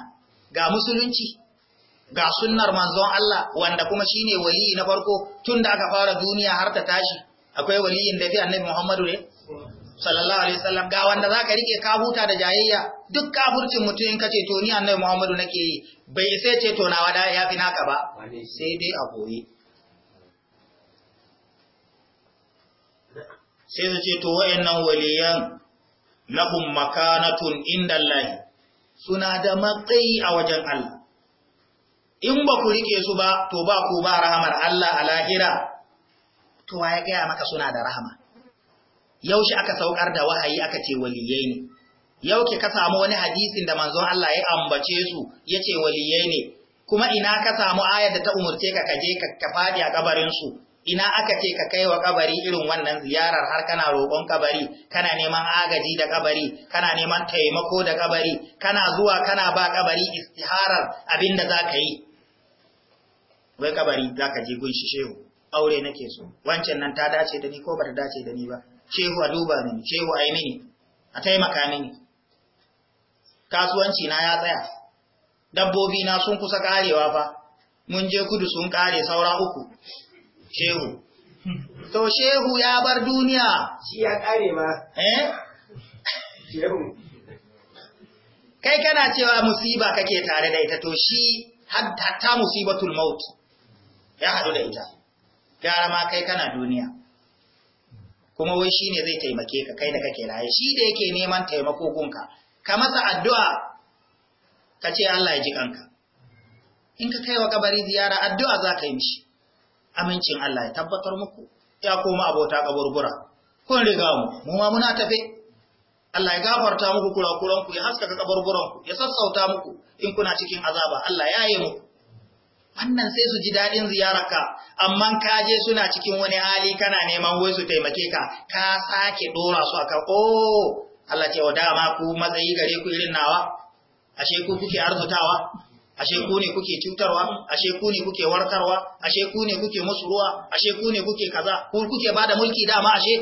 S1: ga musulunci ga sunnar manzon Allah wanda kuma shine waliyi na farko tun da aka fara duniya har ta tashi akwai waliyin da fi annabi Muhammadu ne sallallahu alaihi wasallam ga wanda zaka rike ka huta da jayayya duk kafircin mutum in kace to ni annabi Muhammadu nake yi bai sai ce to nawa da ya fi naka ba sai dai a goyi sai su ce to wayannan waliyan lahum makanatun Allah suna da matsayi a wajen Allah in ba ku rike su ba to ba ku ba rahamar Allah a lahira to ya gaya maka suna da rahama yaushe aka saukar da wahayi aka ce waliyai ne yau ke ka samu wani hadisin da manzon Allah ya ambace su ya ce waliyai ne kuma ina ka samu ayar da ta umurce ka kaje ka faɗi a kabarin su ina aka ce ka kai wa kabari irin wannan ziyarar har kana roƙon kabari kana neman agaji da kabari kana neman taimako da kabari kana zuwa kana ba kabari istiharar abinda za ka yi wai kabari za ka je gunshi shehu aure nake so wancan nan ta dace da ni ko ba ta dace da ni ba shehu a duba mini shehu a yi mini a taimaka mini kasuwanci na ya tsaya dabbobi na sun kusa karewa fa mun je kudu sun kare saura uku shehu to shehu ya bar duniya shi ya kare ma eh shehu kai kana cewa musiba kake tare da ita to shi hatta musibatul maut ya hadu da ita gara ma kai kana duniya kuma wai shi ne zai taimake ka kai da kake raye shi da yake neman taimako gunka ka masa addu'a ka ce Allah ya ji kanka in ka kai wa kabari ziyara addu'a za ka yi mishi amincin Allah ya tabbatar muku ya koma abota kaburbura kun riga mu mu ma muna tafe Allah ya gafarta muku kurakuranku ya haskaka ku ya sassauta muku in kuna cikin azaba Allah ya yi muku wannan sai su ji daɗin ziyararka amma ka je suna cikin wani hali kana neman wai su taimake ka ka sake dora su akan oh Allah ce wa dama ku matsayi gare ku irin nawa ashe ku kuke arzutawa ashe ku ne kuke cutarwa ashe ku ne kuke warkarwa ashe ku ne kuke musu ruwa ashe ku ne kuke kaza ku kuke bada mulki dama ashe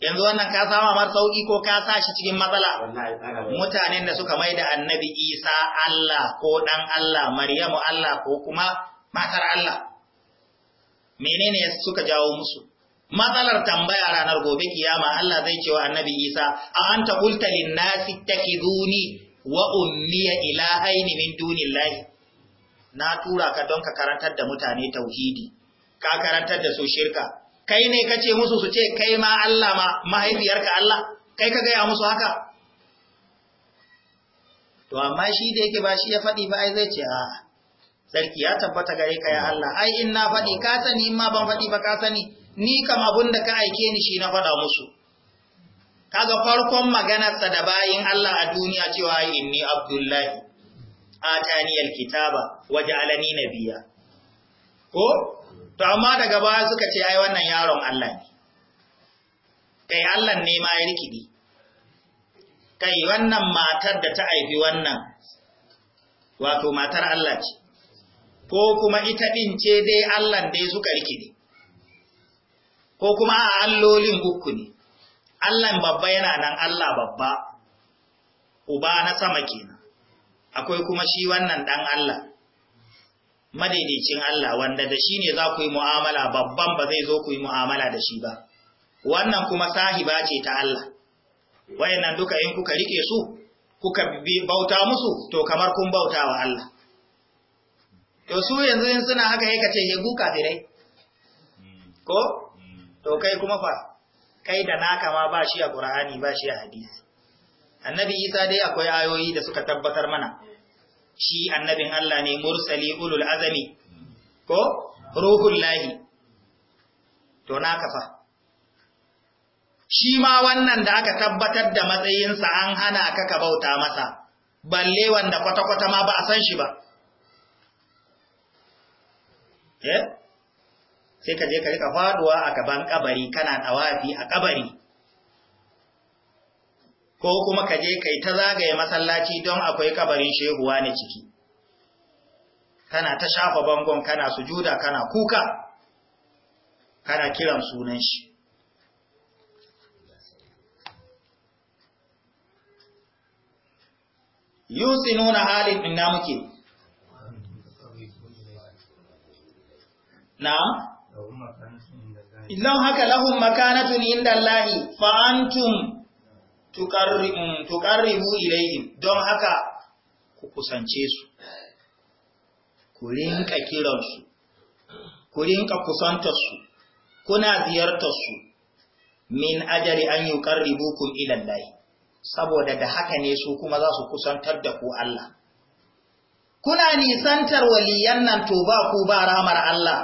S1: yanzu wannan ka sama mar sauki ko ka sa shi cikin matsala mutanen da suka maida annabi isa Allah ko dan Allah maryamu Allah ko kuma matar Allah menene suka jawo musu matsalar tambaya ranar gobe kiyama Allah zai ce wa annabi isa a anta qulta lin nasi takizuni wa ummiya ilahaini min dunillahi na tura ka don ka karantar da mutane tauhidi ka karantar da su shirka kai ne kace musu su ce kai ma Allah ma mahaifiyarka Allah kai ka gaya musu haka to amma shi da yake ba shi ya faɗi ba ai zai ce a sarki ya tabbata gare ka ya Allah ai in na faɗi ka sani in ma ban faɗi ba ka sani ni kam abun da ka aike ni shi na faɗa musu kaga farkon maganarsa da bayin Allah a duniya cewa inni abdullahi ataniyal kitaba waja'alani nabiyya ko To, amma daga baya suka ce, ai wannan yaron Allah ne, kai Allah ne ma ya rikidi, kai wannan matar da ta haifi wannan, wato matar Allah ce, ko kuma ita ɗin ce dai Allah dai suka rikidi, ko kuma a allolin uku ne, Allah babba yana nan Allah babba, uba na sama kenan, akwai kuma shi wannan ɗan Allah. madaidaicin Allah wanda da shi ne za ku yi mu'amala babban ba zai zo ku yi mu'amala da shi ba wannan kuma sahiba ce ta Allah wayannan duka in kuka rike su kuka bauta musu to kamar kun bauta wa Allah to su yanzu in suna haka yake ce hegu kafirai ko to kai kuma fa kai da naka ma ba shi a Qur'ani ba shi a hadisi annabi Isa dai akwai ayoyi da suka tabbatar mana shi annabin Allah ne mursali ulul azami ko ruhul lahi to na kafa shi ma wannan da aka tabbatar da matsayinsa an hana ka ka bauta masa balle wanda kwata-kwata ma ba a san shi ba eh? sai ka je ka rika faduwa a gaban kabari kana tawafi a kabari ko kuma ka je kai ta zagaye masallaci don akwai kabarin shehuwa ne ciki kana ta shafa bangon kana sujuda kana kuka kana kiran sunan shi
S2: yusi nuna halin ina muke
S1: na idan haka lahun makanatun inda Allahi fa’antun. tuƙarrimu mm, ilayhim don haka ku kusance su, ku rinka kiransu, ku rinka kusantarsu, kuna ziyartarsu min ajali an yi ƙarribukun ilallahi, saboda da haka ne su kuma za su kusantar da ku Allah. Kuna nisantar waliyan nan to ba ku ba ramar Allah,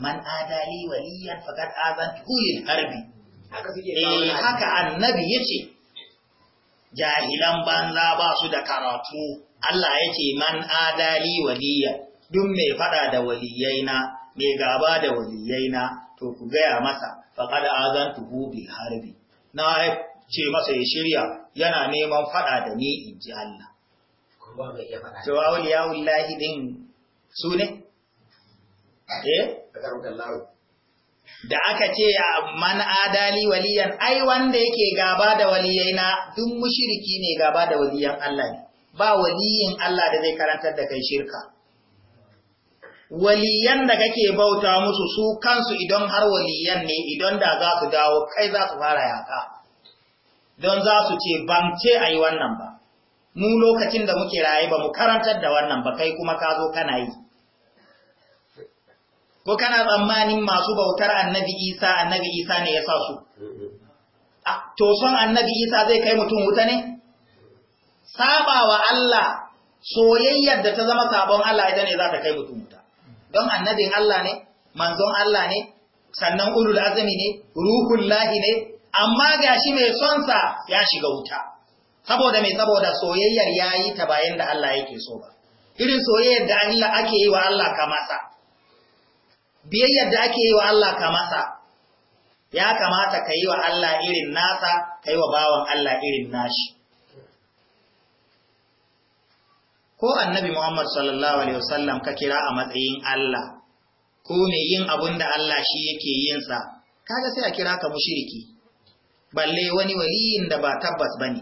S1: man adali waliyan faƙar azan tulin harbi. Eh, haka annabi ya ce jahilan banza ba su da karatu Allah ya ce man adali waliyya duk mai fada da waliyaina mai gaba da waliyaina to ku gaya masa azantu hu bil harbi na ce masa ya shirya yana neman fada da ni in ji Allah cewa ya wallahi din su ne eh, eh? da aka ce ya man adali waliyan ai wanda yake gaba da waliyai duk mushiriki ne gaba da waliyan Allah ne ba waliyin Allah da zai karantar da kai shirka waliyan da kake bauta musu su kansu idan har waliyan ne idan da za su dawo kai za su fara yaka don za su ce ban ce a wannan ba mu lokacin da muke raye ba mu karantar da wannan ba kai kuma ka zo kana yi ko kana tsammanin masu bautar annabi isa annabi isa ne ya sa su to son annabi isa zai kai mutum wuta ne wa Allah soyayyar da ta zama sabon Allah ita ne za ta kai mutum wuta don annabin Allah ne manzon Allah ne sannan ulul azumi ne Ruhun lahi ne amma shi mai son sa ya shiga wuta saboda mai saboda soyayyar yayi ta bayan da Allah yake so ba irin soyayyar da Allah ake yi wa Allah kamasa biyayyar da ake yi wa Allah ka masa ya kamata ka yi wa Allah irin nasa ka yi wa bawan Allah irin nashi ko annabi Muhammad sallallahu alaihi wasallam ka kira a matsayin Allah ko mai yin abun da Allah shi yake yinsa, sa kaga sai a kira ka mushriki balle wani waliyin da ba tabbas bane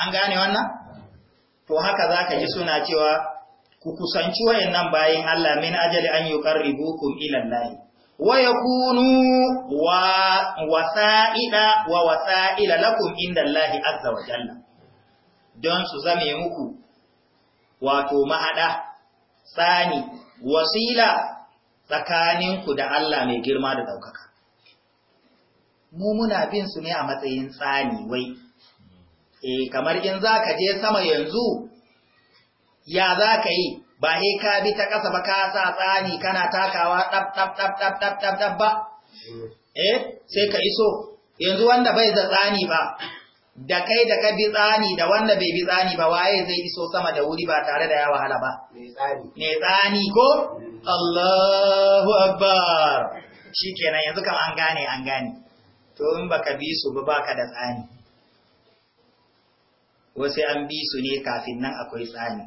S1: an gane wannan to haka za ka ji suna cewa ku kusanci wayannan bayin Allah min ajali an yuqarribukum ila Allah wa yakunu wa wasa'ida wa wasa'ila lakum inda Allah azza wa jalla don su zame muku wato mahada tsani wasila tsakaninku da Allah mai girma da daukaka mu muna bin su ne a matsayin tsani wai eh kamar in zaka je sama yanzu ya za ka yi ba he ka bi ta ƙasa ba ka sa tsani kana takawa ɗab ɗab ɗab ɗab ɗab ba eh sai ka iso yanzu wanda bai da tsani ba da kai da ka bi tsani da wanda bai bi tsani ba waye zai iso sama da wuri ba tare da ya wahala ba mai tsani ko Allahu akbar shikenan yanzu kam an gane an gane to in baka bi su ba baka da tsani Ko sai an bi su ne kafin nan akwai tsani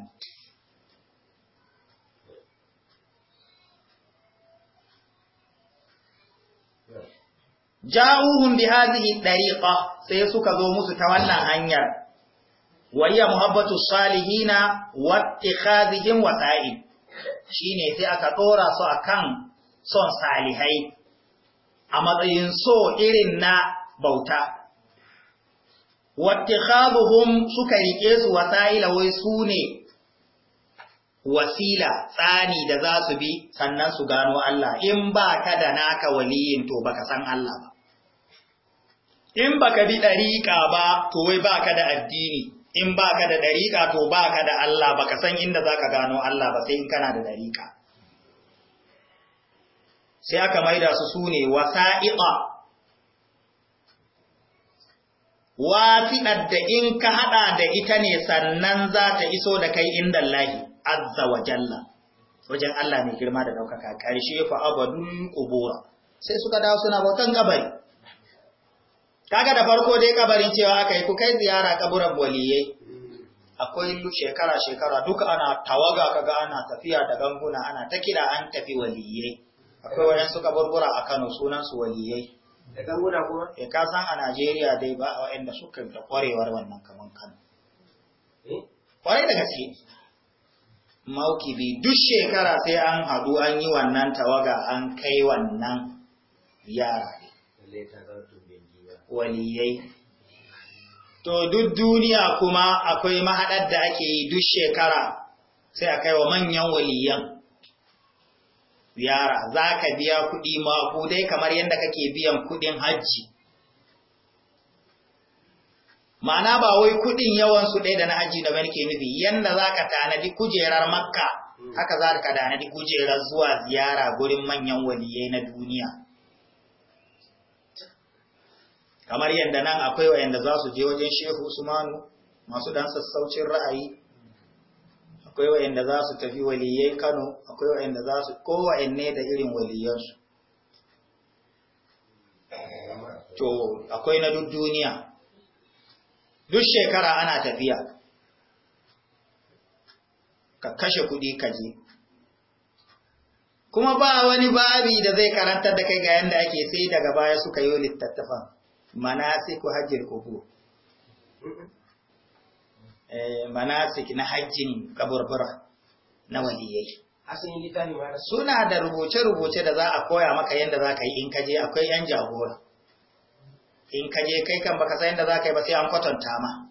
S1: ja'uhum bi hadhihi dariqa sai suka zo musu ta wannan hanyar wariya muhabbatu salihina wa ittikhadhihim wasa'id shine sai aka dora su akan son salihai a matsayin so irin na bauta wattakhabuhum suka rike su wasaila wai su ne wasila tsani da za su bi sannan su gano Allah in ba ka da naka waliyin to baka san Allah ba in baka bi dariƙa ba to wai baka da addini in baka da dariƙa to baka da Allah baka san inda zaka gano Allah ba sai in kana da dariƙa sai aka maida su sune wasa'iqa wafiɗar da in ka haɗa da ita ne sannan za ta iso da kai inda lahi, azza wa jalla, wajen Allah mai girma da ɗaukaka ƙarshe fa abadun kubura sai suka dawo suna bautan kabari. Kaga da farko dai kabarin cewa aka yi ku kai ziyara kaburan waliyai, akwai shekara-shekara duka ana tawaga kaga ana tafiya da ganguna ana ta kiɗa an tafi waliyai, akwai suka kaburbura a Kano sunansu waliyai. Da kuma? Ya eh, a Najeriya dai ba a waɗanda suka da ƙwarewar wannan kaman Kano. Ƙwarai eh? da gaske. duk shekara sai an haɗu an yi wannan tawaga an kai wannan yara ne. Waliyai. To duk duniya kuma akwai mahaɗar da ake yi duk shekara sai a kai wa manyan waliyan. ziyara za ka biya kuɗi dai kamar yadda kake biyan kuɗin hajji ma'ana ba wai kuɗin yawansu ɗaya da na hajji da ke nufi yadda za ka tanadi kujerar makka haka za ka tanadi kujerar zuwa ziyara gurin manyan waliyai na duniya kamar yadda nan akwai wayanda za su je wajen shehu usmanu masu ɗan sassaucin ra'ayi akwai wa'anda za su tafi waliyai Kano akwai wa'anda za su kowanne da irin waliyyarsu. to akwai na duk duniya duk shekara ana tafiya ka kashe kudi ka je kuma ba wani babi da zai karantar da kai ga yanda ake sai daga baya suka yi littattafan manasiku hajjil kubu Eh, manasik na hajjin kaburbura na waliyai. Suna da rubuce-rubuce da za a koya maka yadda za ka yi in kaje akwai ‘yan jagora. In kaje kai kan baka san yadda za ka yi ba sai an kwatanta ma.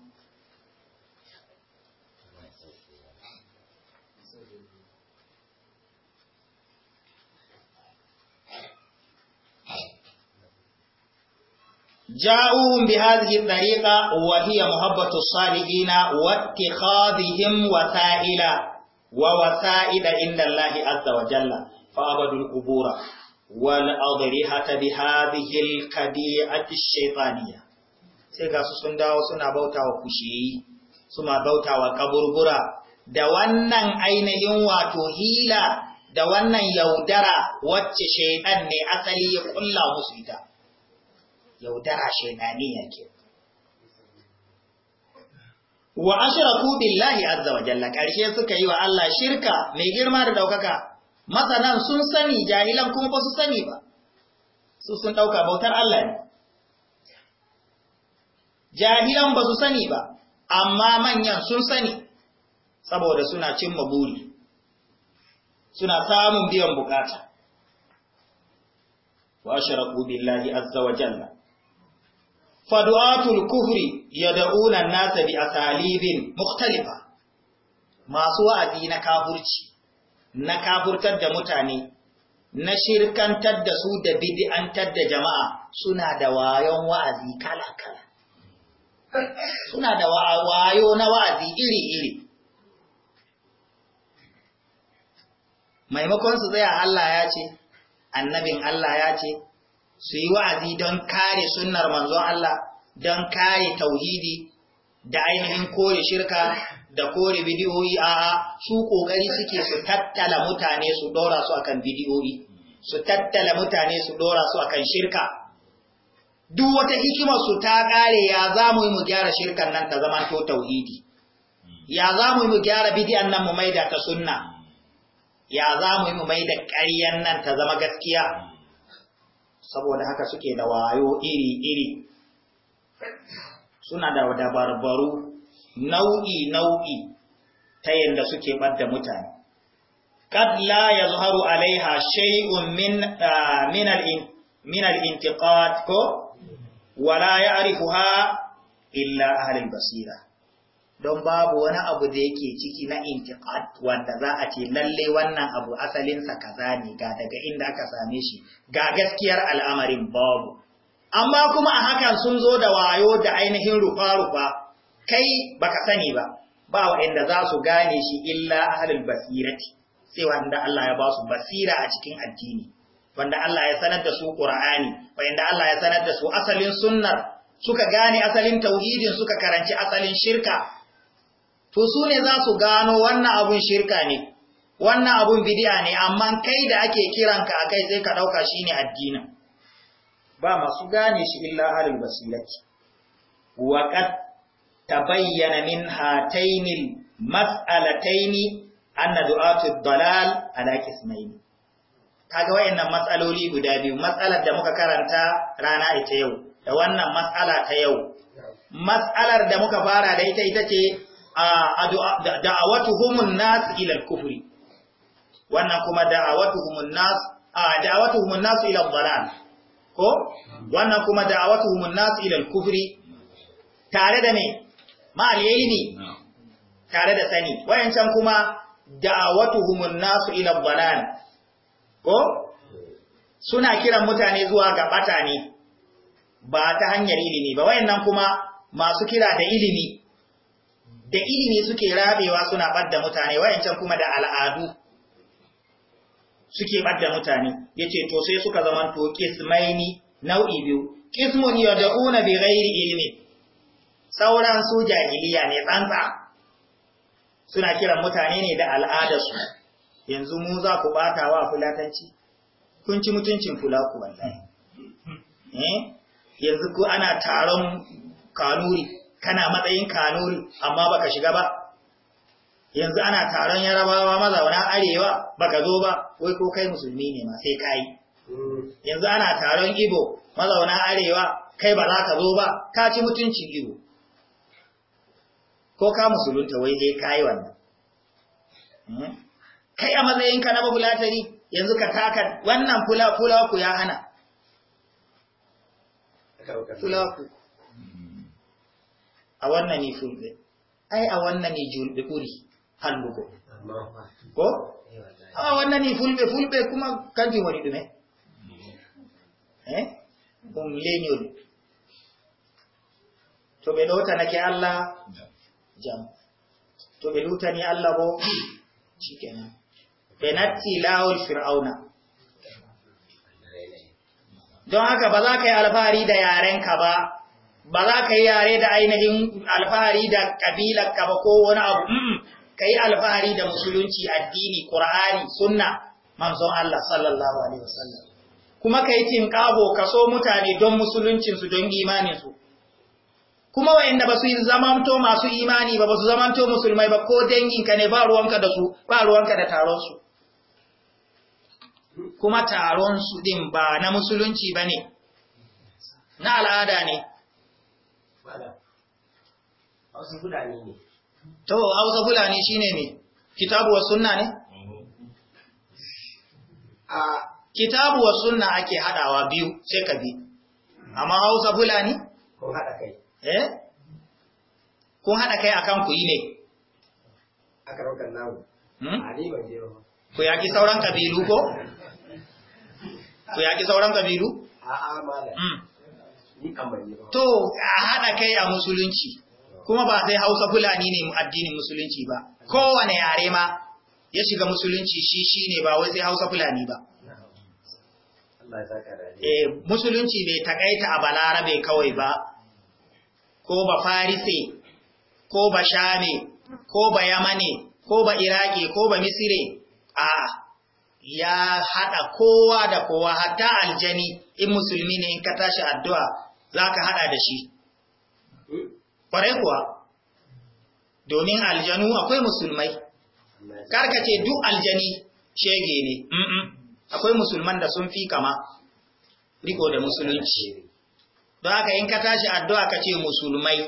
S1: ja'uhum bi hadhihi tariqa wa hiya muhabbatu salihina wa ittikhadhihim wasa'ila inda Allah azza wa jalla fa sai ga su sun dawo suna bautawa kushiyi suna bautawa kaburbura da wannan ainihin wato hila da wannan yaudara wacce shaidan ne asali ya kulla musu ita yaudara ya ke wa ashraku billahi azza wa jalla ƙarshe suka yi wa Allah shirka mai girma da ɗaukaka. masanan sun sani jahilan kuma ba su sani ba su sun ɗauka bautar Allah ne jahilan ba su sani ba amma manyan sun sani saboda suna cimma buri suna samun biyan bukata wa ashraku billahi azza wa jalla fadu'atul kufri yad'una an-nasa bi asalibin mukhtalifa masu wa'azi na kafurci na kafurtar da mutane na shirkantar da su da bid'antar jama'a suna da wayon wa'azi kala-kala maimakon su tsaya Allah ya ce annabin Allah ya ce su yi wa'azi don kare sunar manzon Allah don kare tauhidi da ainihin kore shirka da kore bidiyoyi a su ƙoƙari suke su tattala mutane su ɗora su akan bidiyoyi su tattala mutane su ɗora su akan shirka duk wata hikimar su ta kare ya za mu yi mu gyara shirkan nan ta zama to tauhidi ya za mu yi mu gyara bidiyan nan mu maida ta sunna ya za mu yi mu maida ƙaryan nan ta zama gaskiya saboda haka suke da wayo iri-iri suna da dabarbaru nau'i-nau'i ta yadda suke ɓadda mutane kad la ya zuharu alaiha shay'un min ah, al-intiqad ko wala ya'rifuha illa ahlul basira don babu wani abu da yake ciki na intiqad wanda za a ce lalle wannan abu asalinsa kaza ne ga daga inda aka same shi ga gaskiyar al'amarin babu amma kuma a hakan sun zo da wayo da ainihin rufa-rufa kai baka sani ba ba wa'inda za su gane shi illa ahlul basirati sai wanda Allah ya ba su basira a cikin addini wanda Allah ya sanar da su Qur'ani wanda Allah ya sanar da su asalin sunnar suka gane asalin tauhidin suka karanci asalin shirka to su ne za su gano wannan abun shirka ne wannan abun bidiya ne amma kai da ake kiranka kai sai ka ɗauka shine addini ba masu gane shi illa halin basilaki, Waƙar ta bayyana min hatainil mas'alataini anna du'atu dalal ala Ka kaga wayannan matsaloli guda biyu matsalar da muka karanta rana ita yau da wannan matsala ta yau matsalar da muka fara da ita ita ce da'awatuhumun nas ila al-kufri wannan kuma da'awatuhumun nas da'awatuhumun nas ila al-dhalal ko wannan kuma da'awatuhumun nas ila al-kufri tare da ne ma'aliyayi ne tare da sani wayancan kuma da'awatuhumun nas ila al-dhalal ko suna kiran mutane zuwa ga bata ne ba ta hanyar ilimi ba wayannan kuma masu kira da ilimi da ilimi suke rabewa suna ɓadda mutane wayancan kuma da al'adu suke ɓadda mutane ya ce to sai suka zama to kismaini nau'i biyu kismun ya da'una bi ghairi ilmi sauran su jahiliya ne tsantsa suna kiran mutane ne da al'ada su. yanzu mu za ku ɓata wa fulatanci kun ci mutuncin fulaku wallahi eh yanzu ko ana taron kanuri kana matsayin kanuri amma baka shiga ba yanzu ana taron yarabawa mazauna arewa baka zo ba wai ko kai musulmi ne ma sai kai yanzu ana taron ibo mazauna arewa kai ba za ka zo ba ka ci mutuncin ibo ko ka musulunta wai sai kai wannan hmm? kai a matsayin ka na mafulatari yanzu ka taka wannan fulaku ku ya hana a wannan ni fulbe ai a wannan ni julbe kuri hallugo ko a wannan ni fulbe fulbe kuma kanji wani dume, eh ɗum leñol to ɓe ke allah jam to ɓe ni allah bo chicken ɓe natti fir'auna don haka ba za ka yi alfahari da yarenka ba ba za ka yi yare da ainihin alfahari da kabilar ka ba ko wani abu ka yi alfahari da musulunci addini qur'ani sunna manzon Allah sallallahu alaihi wasallam kuma ka yi tinkaho ka so mutane don musuluncinsu don imaninsu kuma wa'inda ba su yi zamanto masu imani ba ba su zamanto musulmai ba ko danginka ne ba ruwanka da su ba ruwanka da taronsu kuma taronsu din ba na musulunci ba ne na al'ada ne Hausa Fulani ne. To, Hausa Fulani shi ne kitabu wa sunna ne? A kitabu wa sunna ake haɗawa biyu sai ka bi, amma Hausa Fulani? Kun haɗa kai. Eh? Kun haɗa kai akan ku yi ne? A karokan namu. Hmm? Ku yaƙi sauran kabilu ko? Ku yaƙi sauran kabilu? A'a, malam. Hmm. To, a haɗa kai a musulunci. kuma ba sai hausa fulani ne addinin musulunci ba kowane yare ma ya shiga musulunci shi shi ne ba wai sai hausa fulani ba eh musulunci bai taƙaita a balarabe kawai ba ko ba farise ko ba shame ko ba yamane ko ba iraki ko ba misire a ya haɗa kowa da kowa hatta aljani in musulmi ne in ka tashi addu'a zaka haɗa da shi kwarai kuwa domin aljanu akwai musulmai karkace duk aljani shege ne akwai musulman da sun fi kama riko da musulunci don haka in ka tashi addu'a ka ce musulmai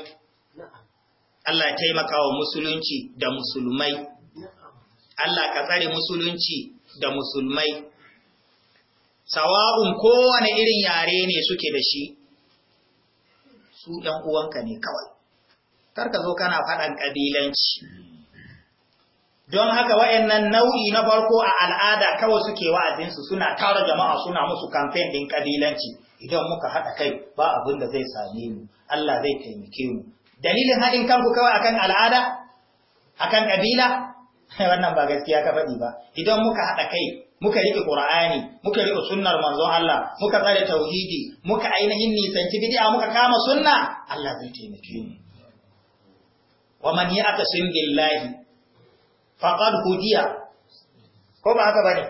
S1: Allah taimaka wa musulunci da musulmai Allah ka tsare musulunci da musulmai sawa'un kowane irin yare ne suke da shi su ɗan uwanka ne kawai karka zo kana faɗan ƙabilanci don haka waɗannan nau'i na farko a al'ada kawai suke wa'azinsu suna tara jama'a suna musu kamfen ɗin ƙabilanci idan muka haɗa kai ba abin da zai same mu Allah zai taimake mu dalilin haɗin kanku kawai akan al'ada akan ƙabila wannan ba gaskiya ka faɗi ba idan muka haɗa kai muka riƙe Ƙur'ani, muka riƙe sunnar manzon Allah, muka tsare tauhidi, muka ainihin nisanci bid'a muka kama sunna, Allah zai taimake mu. wa man yi aka sin billahi faqad hudiya ko ba haka bane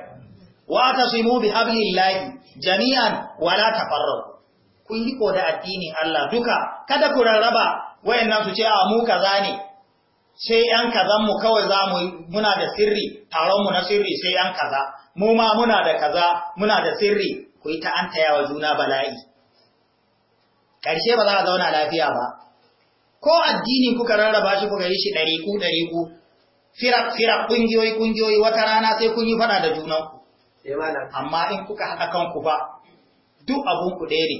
S1: wa atasimu bi hablillahi jami'an wa la tafarraqu kun yi ko da addini Allah duka kada ku rarraba wayannan su ce a mu kaza ne sai ‘yan kazanmu kawai za mu muna da sirri, taronmu na sirri sai ‘yan kaza, mu ma muna da kaza, muna da sirri, ku yi antaya wa juna bala'i. Ƙarshe ba za a zauna lafiya ba, ko addini kuka rarraba shi kuka yi shi ɗariku ɗariku firak-firak ƙungiyoyi-ƙungiyoyi wata rana sai kun yi fada da junanku eh, amma in kuka haɗa kanku ba duk abun ku ɗaya ne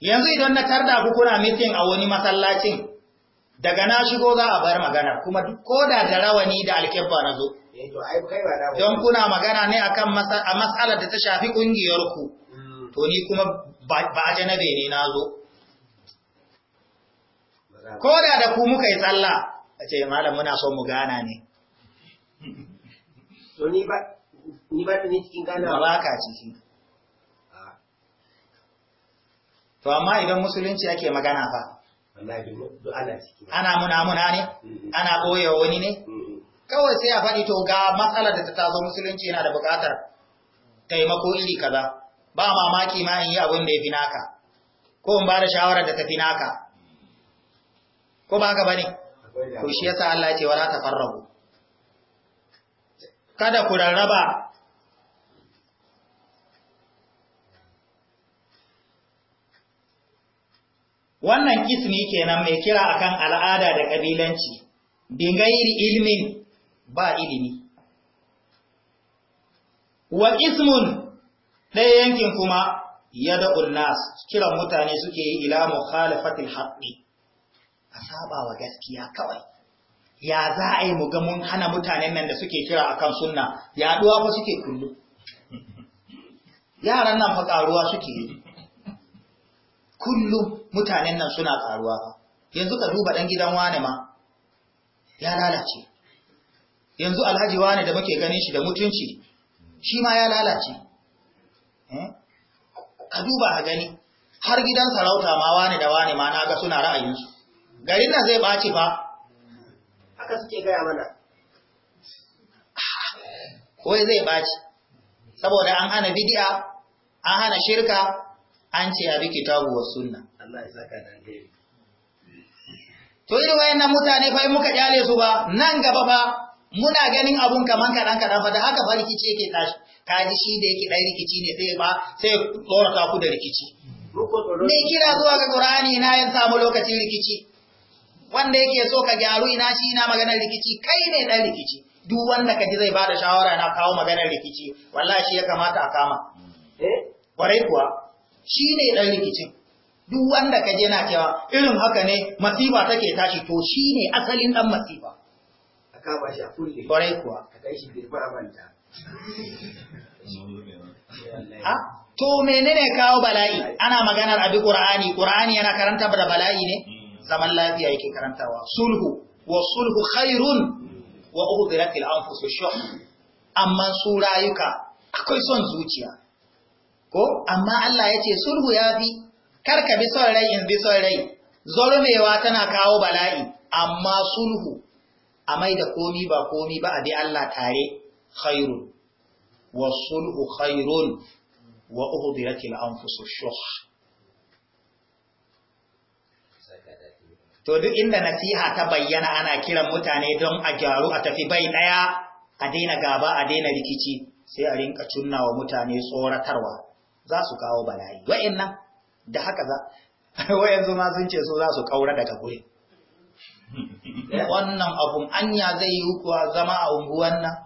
S1: yanzu idan na tarda ku kuna mitin a wani masallacin daga na shigo za a bar magana kuma ko da da rawani da alkebba na zo eh, don kuna magana ne akan mas'alar da ta shafi ƙungiyarku mm. to ni kuma ba a janabe ne na zo
S2: ko da da ku muka yi tsalla
S1: a ce malam muna so mu gana ne to ni ba ni ba ni cikin gana ba ka ciki to amma idan musulunci ake magana fa ana muna muna ne mm-hmm. ana boye wani ne mm-hmm. kawai sai a faɗi to ga matsalar da ta tazo musulunci yana da buƙatar taimako iri kaza ba mamaki ma in yi abin da ya fi naka ko in ba da shawarar da ta fi naka ko ba haka bane to shi yasa Allah ya ce wala tafarrabu kada ku rarraba wannan ismi kenan mai kira akan al'ada da kabilanci bigairi ilmin ba ilimi wa ismun ɗaya yankin kuma ya da'ul nas kiran mutane suke yi ila mukhalafatil haqqi a saba wa gaskiya kawai ya za a yi mu ga mun hana mutanen nan da suke kira akan sunna yaduwa ba suke kullum yaran nan fa karuwa suke yi kullum mutanen nan suna karuwa fa yanzu ka duba dan gidan wane ma ya lalace yanzu alhaji wane da muke ganin shi da mutunci shi ma ya lalace hmm? ka duba a gani har gidan sarauta ma wane da wane ma na ga suna ra'ayinsu garin nan zai ɓaci fa haka suke gaya mana wai zai ɓaci saboda an hana bidiya an hana shirka an ce a bi kitabu wa sunna Allah ya saka da to irin wayannan mutane fa muka kyale su ba nan gaba fa muna ganin abun kaman kadan kadan fa da haka fa rikici yake tashi kaji shi da yake dai rikici ne sai ba sai tsorata ku da rikici ne kira zuwa ga Qur'ani na yin samu lokacin rikici wanda yake so ka gyaru ina shi ina maganar rikici kai ne dan rikici duk wanda ka ji zai bada shawara na kawo maganar rikici wallahi shi ya kamata a kama eh kwarai kuwa shi ne dan rikicin duk wanda ka je na cewa irin haka ne masifa take tashi to shi ne asalin dan masifa a kama shi a kulle kwarai kuwa ka kai shi banta farabanta ah, to menene kawo bala'i ana maganar abi qur'ani qur'ani yana karanta da bala'i ne mm. zaman lafiya yake karantawa sulhu wa sulhu khairun wa uhdirat al-anfus shuh amma su rayuka akwai son zuciya ko amma Allah yace sulhu ya yafi karka bi son rai in bi son rai zolmewa tana kawo bala'i amma sulhu a mai da komi ba komi ba a bi Allah tare khairun wa sulhu khairun wa uhdirat al-anfus shuh to duk inda nasiha ta bayyana ana kiran mutane don a gyaru a tafi bai ɗaya a daina gaba a daina rikici sai a rinka cunna wa mutane tsoratarwa za su kawo bala'i wa'annan da haka za yanzu ma sun ce so za su kaura daga gurin wannan abun anya zai yi kuwa zama a unguwan nan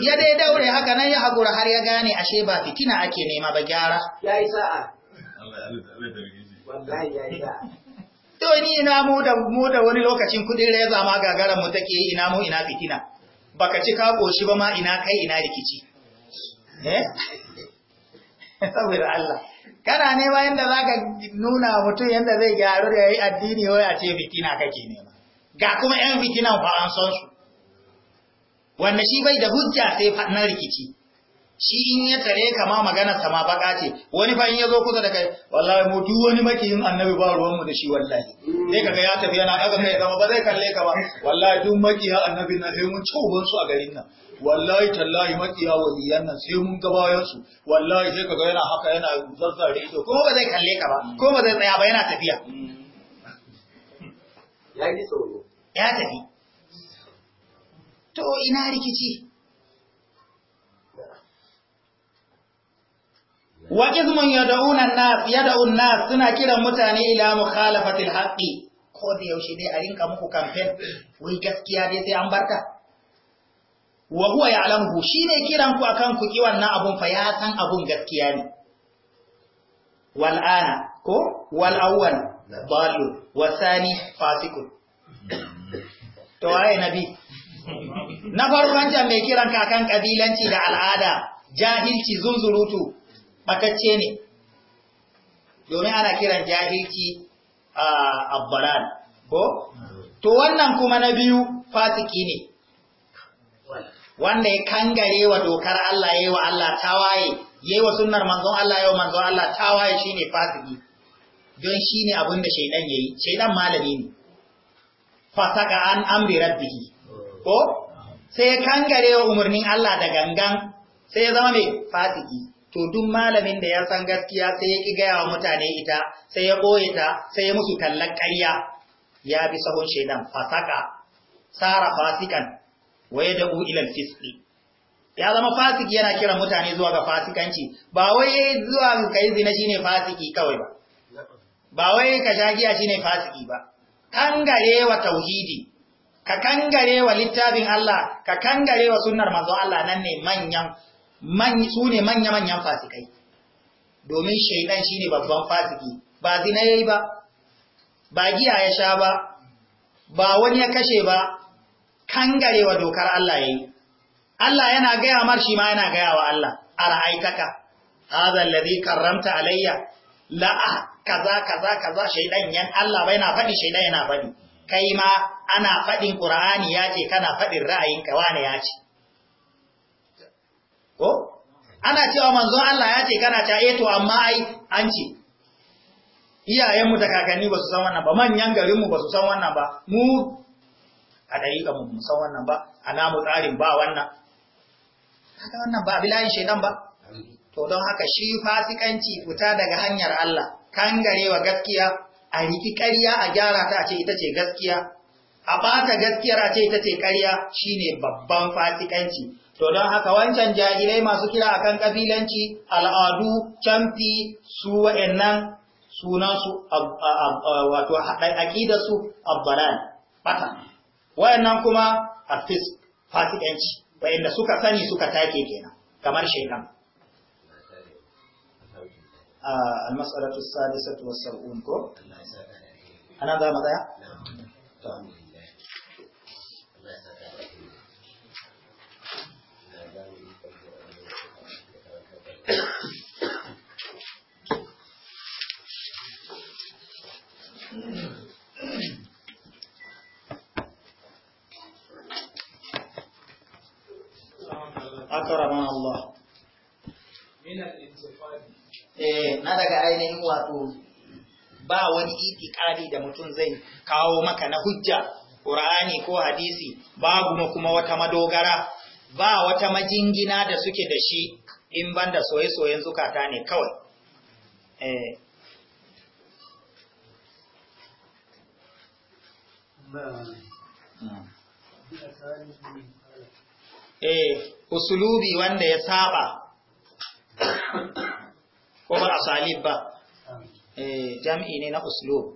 S1: ya dai daure haka nan ya haƙura har ya gane ashe ba fitina ake nema ba gyara ya yi sa'a To ni ina mu da mu da wani lokacin kudin reza ma gagaran mu take ina mu ina fitina. Baka ci ka goshi ba ma ina kai ina rikici. Eh? Sabir Allah. Kana ne ba yanda zaka nuna mutum yanda zai gyaru da yayi addini wai a ce fitina kake nema. Ga kuma 'yan fitinan fa an san su. Wanda shi bai da hujja sai fa na rikici. shi in ya tare ka ma maganar sa ma baka ce wani fa in ya zo kusa da kai wallahi mu duk wani makiyin annabi ba ruwan mu da shi wallahi sai kaga ya tafi yana daga kai kama ba zai kalle ka ba wallahi duk makiya annabi na sai mun cauban su a garin nan wallahi tallahi makiya waliyan nan sai mun gabayar su wallahi sai kaga yana haka yana zazzare ido ko ba zai kalle ka ba ko ba zai tsaya ba yana tafiya ya ji tsoro ya tafi to ina rikici wa qismun yad'una an-nas yad'u nas suna kiran mutane ila mukhalafatil haqqi ko da yaushe dai a rinka muku campaign wai gaskiya dai sai an barka wa huwa ya'lamu ne kiran ku akan ku ki wannan abun fa ya san abun gaskiya ne wal ana ko wal awwal dalu sani fasikun to ai nabi na farkon can mai kiran kakan kabilanci da al'ada jahilci zunzurutu batacce ne domin ana kiran jahilci a abbaran ko to wannan kuma na biyu fasiki ne wanda ya kangare wa dokar Allah yayi wa Allah tawaye yayi wa sunnar manzon Allah yayi wa manzon Allah tawaye shine fasiki don shine abin da shaydan yayi shaydan malami ne fasaka an amri rabbihi ko sai ya kangare wa umarnin Allah da gangan sai ya zama mai fasiki to duk malamin da ya san gaskiya sai ya ƙi gaya wa mutane ita sai ya ɓoye ta sai ya musu kallon ƙarya ya bi sahun shaidan fasaka tsara fasikan waye da ilal fiski ya zama fasiki yana kiran mutane zuwa ga fasikanci ba wai zuwa ga kai zina shine fasiki kawai ba ba wai ka shagiya shine fasiki ba kangare wa tauhidi ka kangare littafin Allah ka kangare wa sunnar manzo Allah nan ne manyan su ne manya-manyan fasikai domin shaidan shine babban fasiki ba zina ya ba ba giya ya sha ba ba wani ya kashe ba kangarewa dokar Allah ya yi Allah yana gaya mar shi ma yana gaya wa Allah a ra'aitaka hazan karramta alayya la'a ah, kaza kaza kaza shaidan yan Allah ba yana faɗi shaidan yana faɗi kai ma ana faɗin ƙura'ani ya ce kana faɗin ra'ayinka wane ya ce ko ana cewa manzon Allah ya ce kana ta eto eh amma ai an ce iyayenmu da kakanni ba su san wannan ba manyan garinmu ba su san wannan ba mu a dariƙa mu san wannan ba a namu tsarin ba wannan haka wannan ba bilayin shaidan ba to don haka shi fasikanci fita daga hanyar Allah kangarewa gaskiya a riki ƙarya a gyara ta a ce ita ce gaskiya a ɓata gaskiyar a ce ita ce ƙarya shine babban fasikanci To don haka wancan jahilai masu kira akan kabilanci, al'adu, camfi, su wa'in nan sunansu wato aƙidarsu ɓata. Wa'in nan kuma afis fasikanci, da suka sani suka take kenan, kamar shekan. Al-Mas'alatu Sadisatu Wasa'un ko? Ana za mu tsaya? wato ba wani itikadi da mutum zai kawo maka na hujja Qur'ani ko hadisi babu kuma wata madogara ba wata majingina da suke da shi in banda soye-soyen zukata ne kawai eh eh usulubi wanda ya saba ko ba asalib ba E, jam'i ne na uslub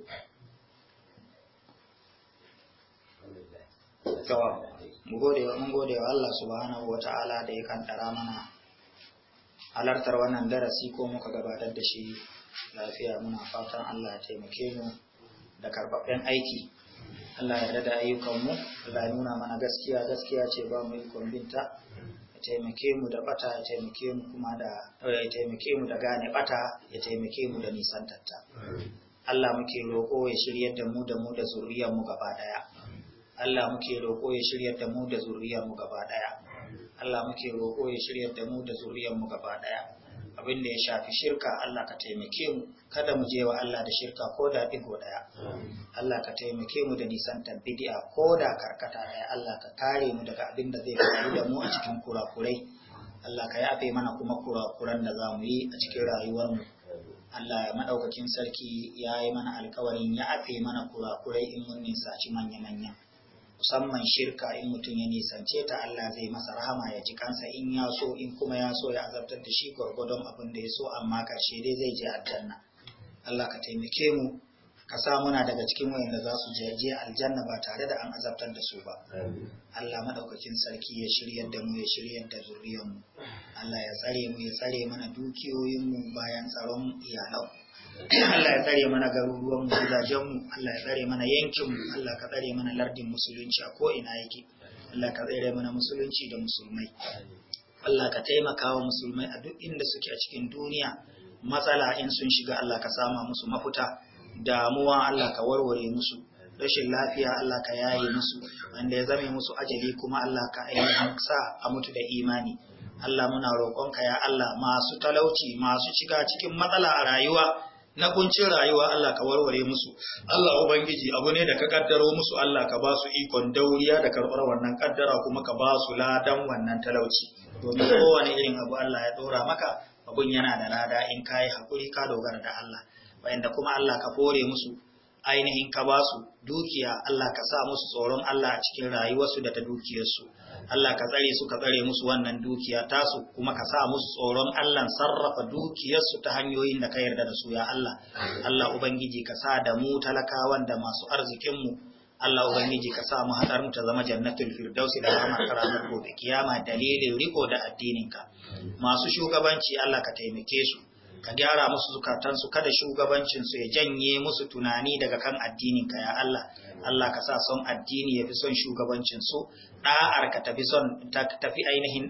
S1: tawa mugode wa allah subhanahu wa ta'ala da ya kantara mana alartar wannan darasi ko muka gabatar da shi lafiya muna fatan allah ya taimake mu da karbabben aiki allah ya da ayyukanmu allah ya nuna mana gaskiya gaskiya ce ba mu yi kwambinta ya taimake mu da bata ya taimake mu kuma da eh, ya taimake mu da gane bata ya taimake mu da nisan tatta Allah muke roƙo ya shiryar da mu da mu da zuriyar mu gaba daya Allah muke roƙo ya shiryar da mu da zuriyar mu gaba daya Allah muke roƙo ya shiryar da mu da zuriyar mu gaba daya abin da ya shafi shirka Allah ka taimake mu kada mu je wa Allah da shirka ko da digo daya Allah ka taimake mu da nisantar bid'a ko da karkata ya Allah ka kare mu daga abin da zai faru da mu a cikin kurakurai Allah ka yafe mana kuma kurakuran da za mu yi a cikin rayuwar mu Allah ya madaukakin sarki ya yi mana alkawarin ya afe mana kurakurai in mun nisaci manya-manya. musamman shirka in mutum ya nisance ta Allah zai masa rahama ya ji kansa in ya so in kuma ya so ya azabtar da shi gwargwadon abin da ya so amma karshe dai zai je aljanna Allah ka taimake mu ka sa muna daga cikin wayanda za su je aljanna ba tare da an azabtar da su ba Allah madaukakin sarki ya shirya da mu ya shiryar da zuriyar mu Allah ya tsare mu ya tsare mana dukiyoyin mu bayan tsaron iyalan Allah ya tsare mana garuruwan mu gidajen mu Allah ya tsare mana yankin mu Allah ka tsare mana lardin musulunci a ko ina yake Allah ka tsare mana musulunci da musulmai Allah ka taimaka wa musulmai a duk inda suke a cikin duniya matsala in sun shiga Allah ka sama musu mafuta damuwa Allah ka warware musu rashin lafiya Allah ka yaye musu wanda ya zame musu ajali kuma Allah ka ainihin sa a mutu da imani Allah muna roƙonka ya Allah masu talauci masu shiga cikin matsala a rayuwa na kuncin rayuwa Allah ka warware musu Allah ubangiji abu ne da ka kaddaro musu Allah ka ba su ikon dauriya da karɓar wannan kaddara kuma ka ba su ladan wannan talauci domin kowane irin abu Allah ya dora maka abun yana da lada in ka yi hakuri ka dogara da Allah da kuma Allah ka fore musu ainihin ka ba su dukiya Allah ka sa musu tsoron Allah a cikin rayuwarsu da ta dukiyarsu Allah ka tsare su ka tsare musu wannan dukiya tasu kuma ka sa musu tsoron Allah sarrafa dukiyarsu ta hanyoyin da ka yarda da su ya Allah Allah ubangiji ka sa da mu talakawan da masu arzikin mu Allah ubangiji ka sa mu hadar mu ta zama jannatul firdausi da rahmar ranar gobe kiyama dalilin riko da addinin ka masu shugabanci Allah ka taimake su ka gyara musu zukatansu kada shugabancinsu ya janye musu tunani daga kan addininka ya Allah Allah ka sa son addini ya fi son shugabancinsu ɗa'ar ka tafi son tafi ainihin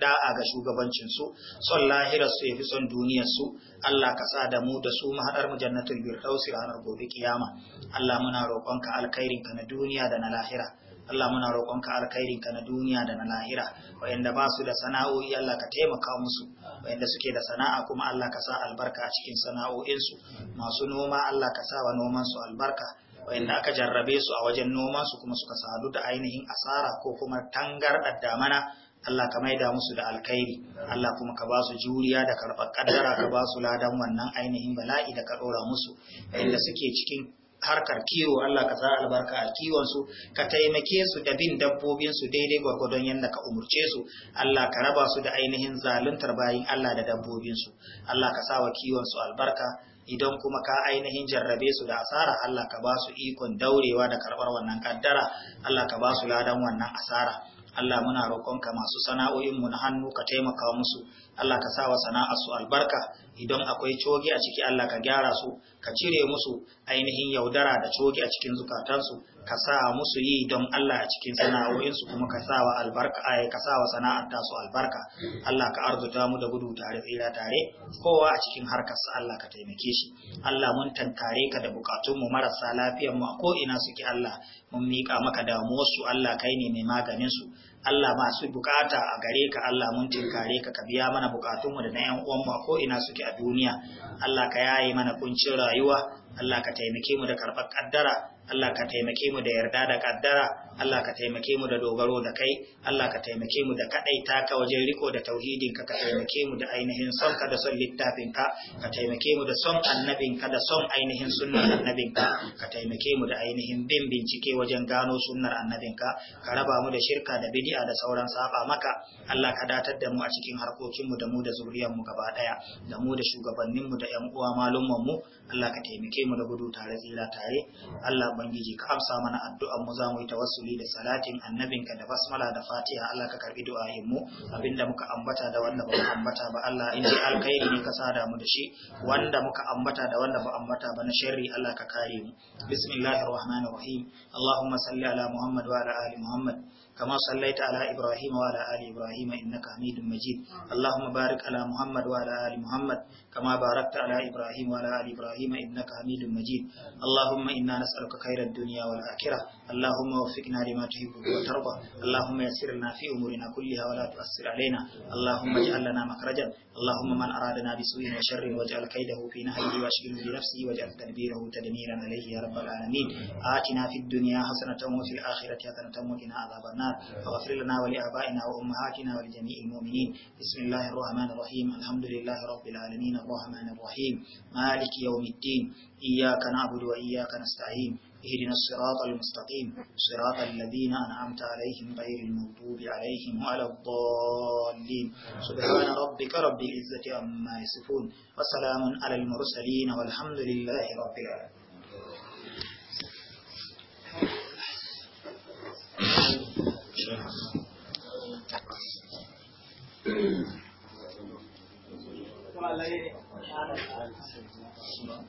S1: ɗa'a ga shugabancinsu son lahirarsu ya fi son duniyarsu Allah ka sa da mu da su mahaɗar mu jannatul birdausi ranar gobe kiyama Allah muna roƙonka alkhairin ka na duniya da na lahira Allah muna roƙonka alkhairin ka na duniya da na lahira wayanda ba su da sana'o'i Allah ka taimaka musu wayanda suke da sana'a kuma Allah ka sa albarka a cikin sana'o'insu masu noma Allah ka sa wa noman su albarka wayanda aka jarrabe su a wajen nomansu su kuma suka sadu da ainihin asara ko kuma tangar damana Allah ka maida musu da alkhairi Allah kuma ka ba su juriya da karɓar kaddara ka ba su ladan wannan ainihin bala'i da ka ɗora musu wayanda suke cikin harkar kiwo Allah ka sa albarka a kiwon su ka taimake su da bin dabbobinsu daidai gwargwadon yadda ka umurce su Allah ka raba su da ainihin zaluntar bayin Allah da dabbobin su Allah ka sa wa su albarka idan kuma ka ainihin jarrabe su da asara Allah ka ba su ikon daurewa da karbar wannan kaddara Allah ka ba su ladan wannan asara Allah muna roƙonka masu sana'o'inmu na hannu ka taimaka musu Allah ka sawa su albarka idan akwai cogi a ciki Allah ka gyara su ka cire musu ainihin yaudara da cogi a cikin zukatansu ka sa musu yi don Allah a cikin sana'o'insu kuma ka sawa albarka ai eh, ka sawa sana'ar su albarka Allah ka arzuta mu da gudu tare tsira tare kowa a cikin harkar sa Allah ka taimake shi Allah mun tantare ka da bukatun mu marasa lafiyar mu a ko ina suke Allah mun mika maka damuwar su Allah kai ne mai maganin su Allah masu bukata a gare ka Allah mun tinkare ka ka biya mana bukatunmu da na yan uwanmu ko ina suke a duniya Allah ka yaye mana kuncin rayuwa Allah ka taimake mu da karɓar kaddara Allah ka taimake mu da yarda da kaddara Allah ka taimake mu da dogaro da kai Allah ka taimake mu da kadaita taka wajen riko da tauhidin ka ka taimake mu da ainihin son ka da son littafin ka ka taimake mu da son annabin ka da son ainihin sunnar annabin ka ka taimake mu da ainihin bin bincike wajen gano sunnar annabin ka ka raba mu da shirka da bid'a da sauran saba maka Allah ka datar da mu a cikin harkokin mu da mu da zuriyar mu gaba daya da mu da shugabannin mu da ƴan uwa malumman mu Allah ka taimake mu da gudu tare tsira tare Allah bangiji ka amsa mana addu'an mu zamu yi tawassuli da salatin annabinka da basmala da fatiha Allah ka karbi du'a'in mu abinda muka ambata da wanda ba mu ambata ba Allah in ji alkhairi ne ka sada mu da shi wanda muka ambata da wanda ba ambata ba na sharri Allah ka kare mu bismillahir rahmanir rahim Allahumma salli ala Muhammad wa ala ali Muhammad كما صليت على إبراهيم وعلى آل إبراهيم إنك حميد مجيد اللهم بارك على محمد وعلى آل محمد كما باركت على إبراهيم وعلى آل إبراهيم إنك حميد مجيد اللهم إنا نسألك خير الدنيا والآخرة اللهم وفقنا لما تحب وترضى اللهم يسر لنا في أمورنا كلها ولا تؤثر علينا اللهم اجعل لنا مخرجا اللهم من أرادنا بسوء وشر واجعل كيده في نهره واشغله بنفسه واجعل تدبيره تدميرا عليه يا رب العالمين آتنا في الدنيا حسنة وفي الآخرة حسنة وقنا عذاب النار فاغفر لنا ولآبائنا وأمهاتنا ولجميع المؤمنين بسم الله الرحمن الرحيم الحمد لله رب العالمين الرحمن الرحيم مالك يوم الدين إياك نعبد وإياك نستعين اهدنا الصراط المستقيم صراط الذين أنعمت عليهم غير المغضوب عليهم وعلى الضالين سبحان ربك رب العزة عما يصفون وسلام على المرسلين والحمد لله رب العالمين Thank you.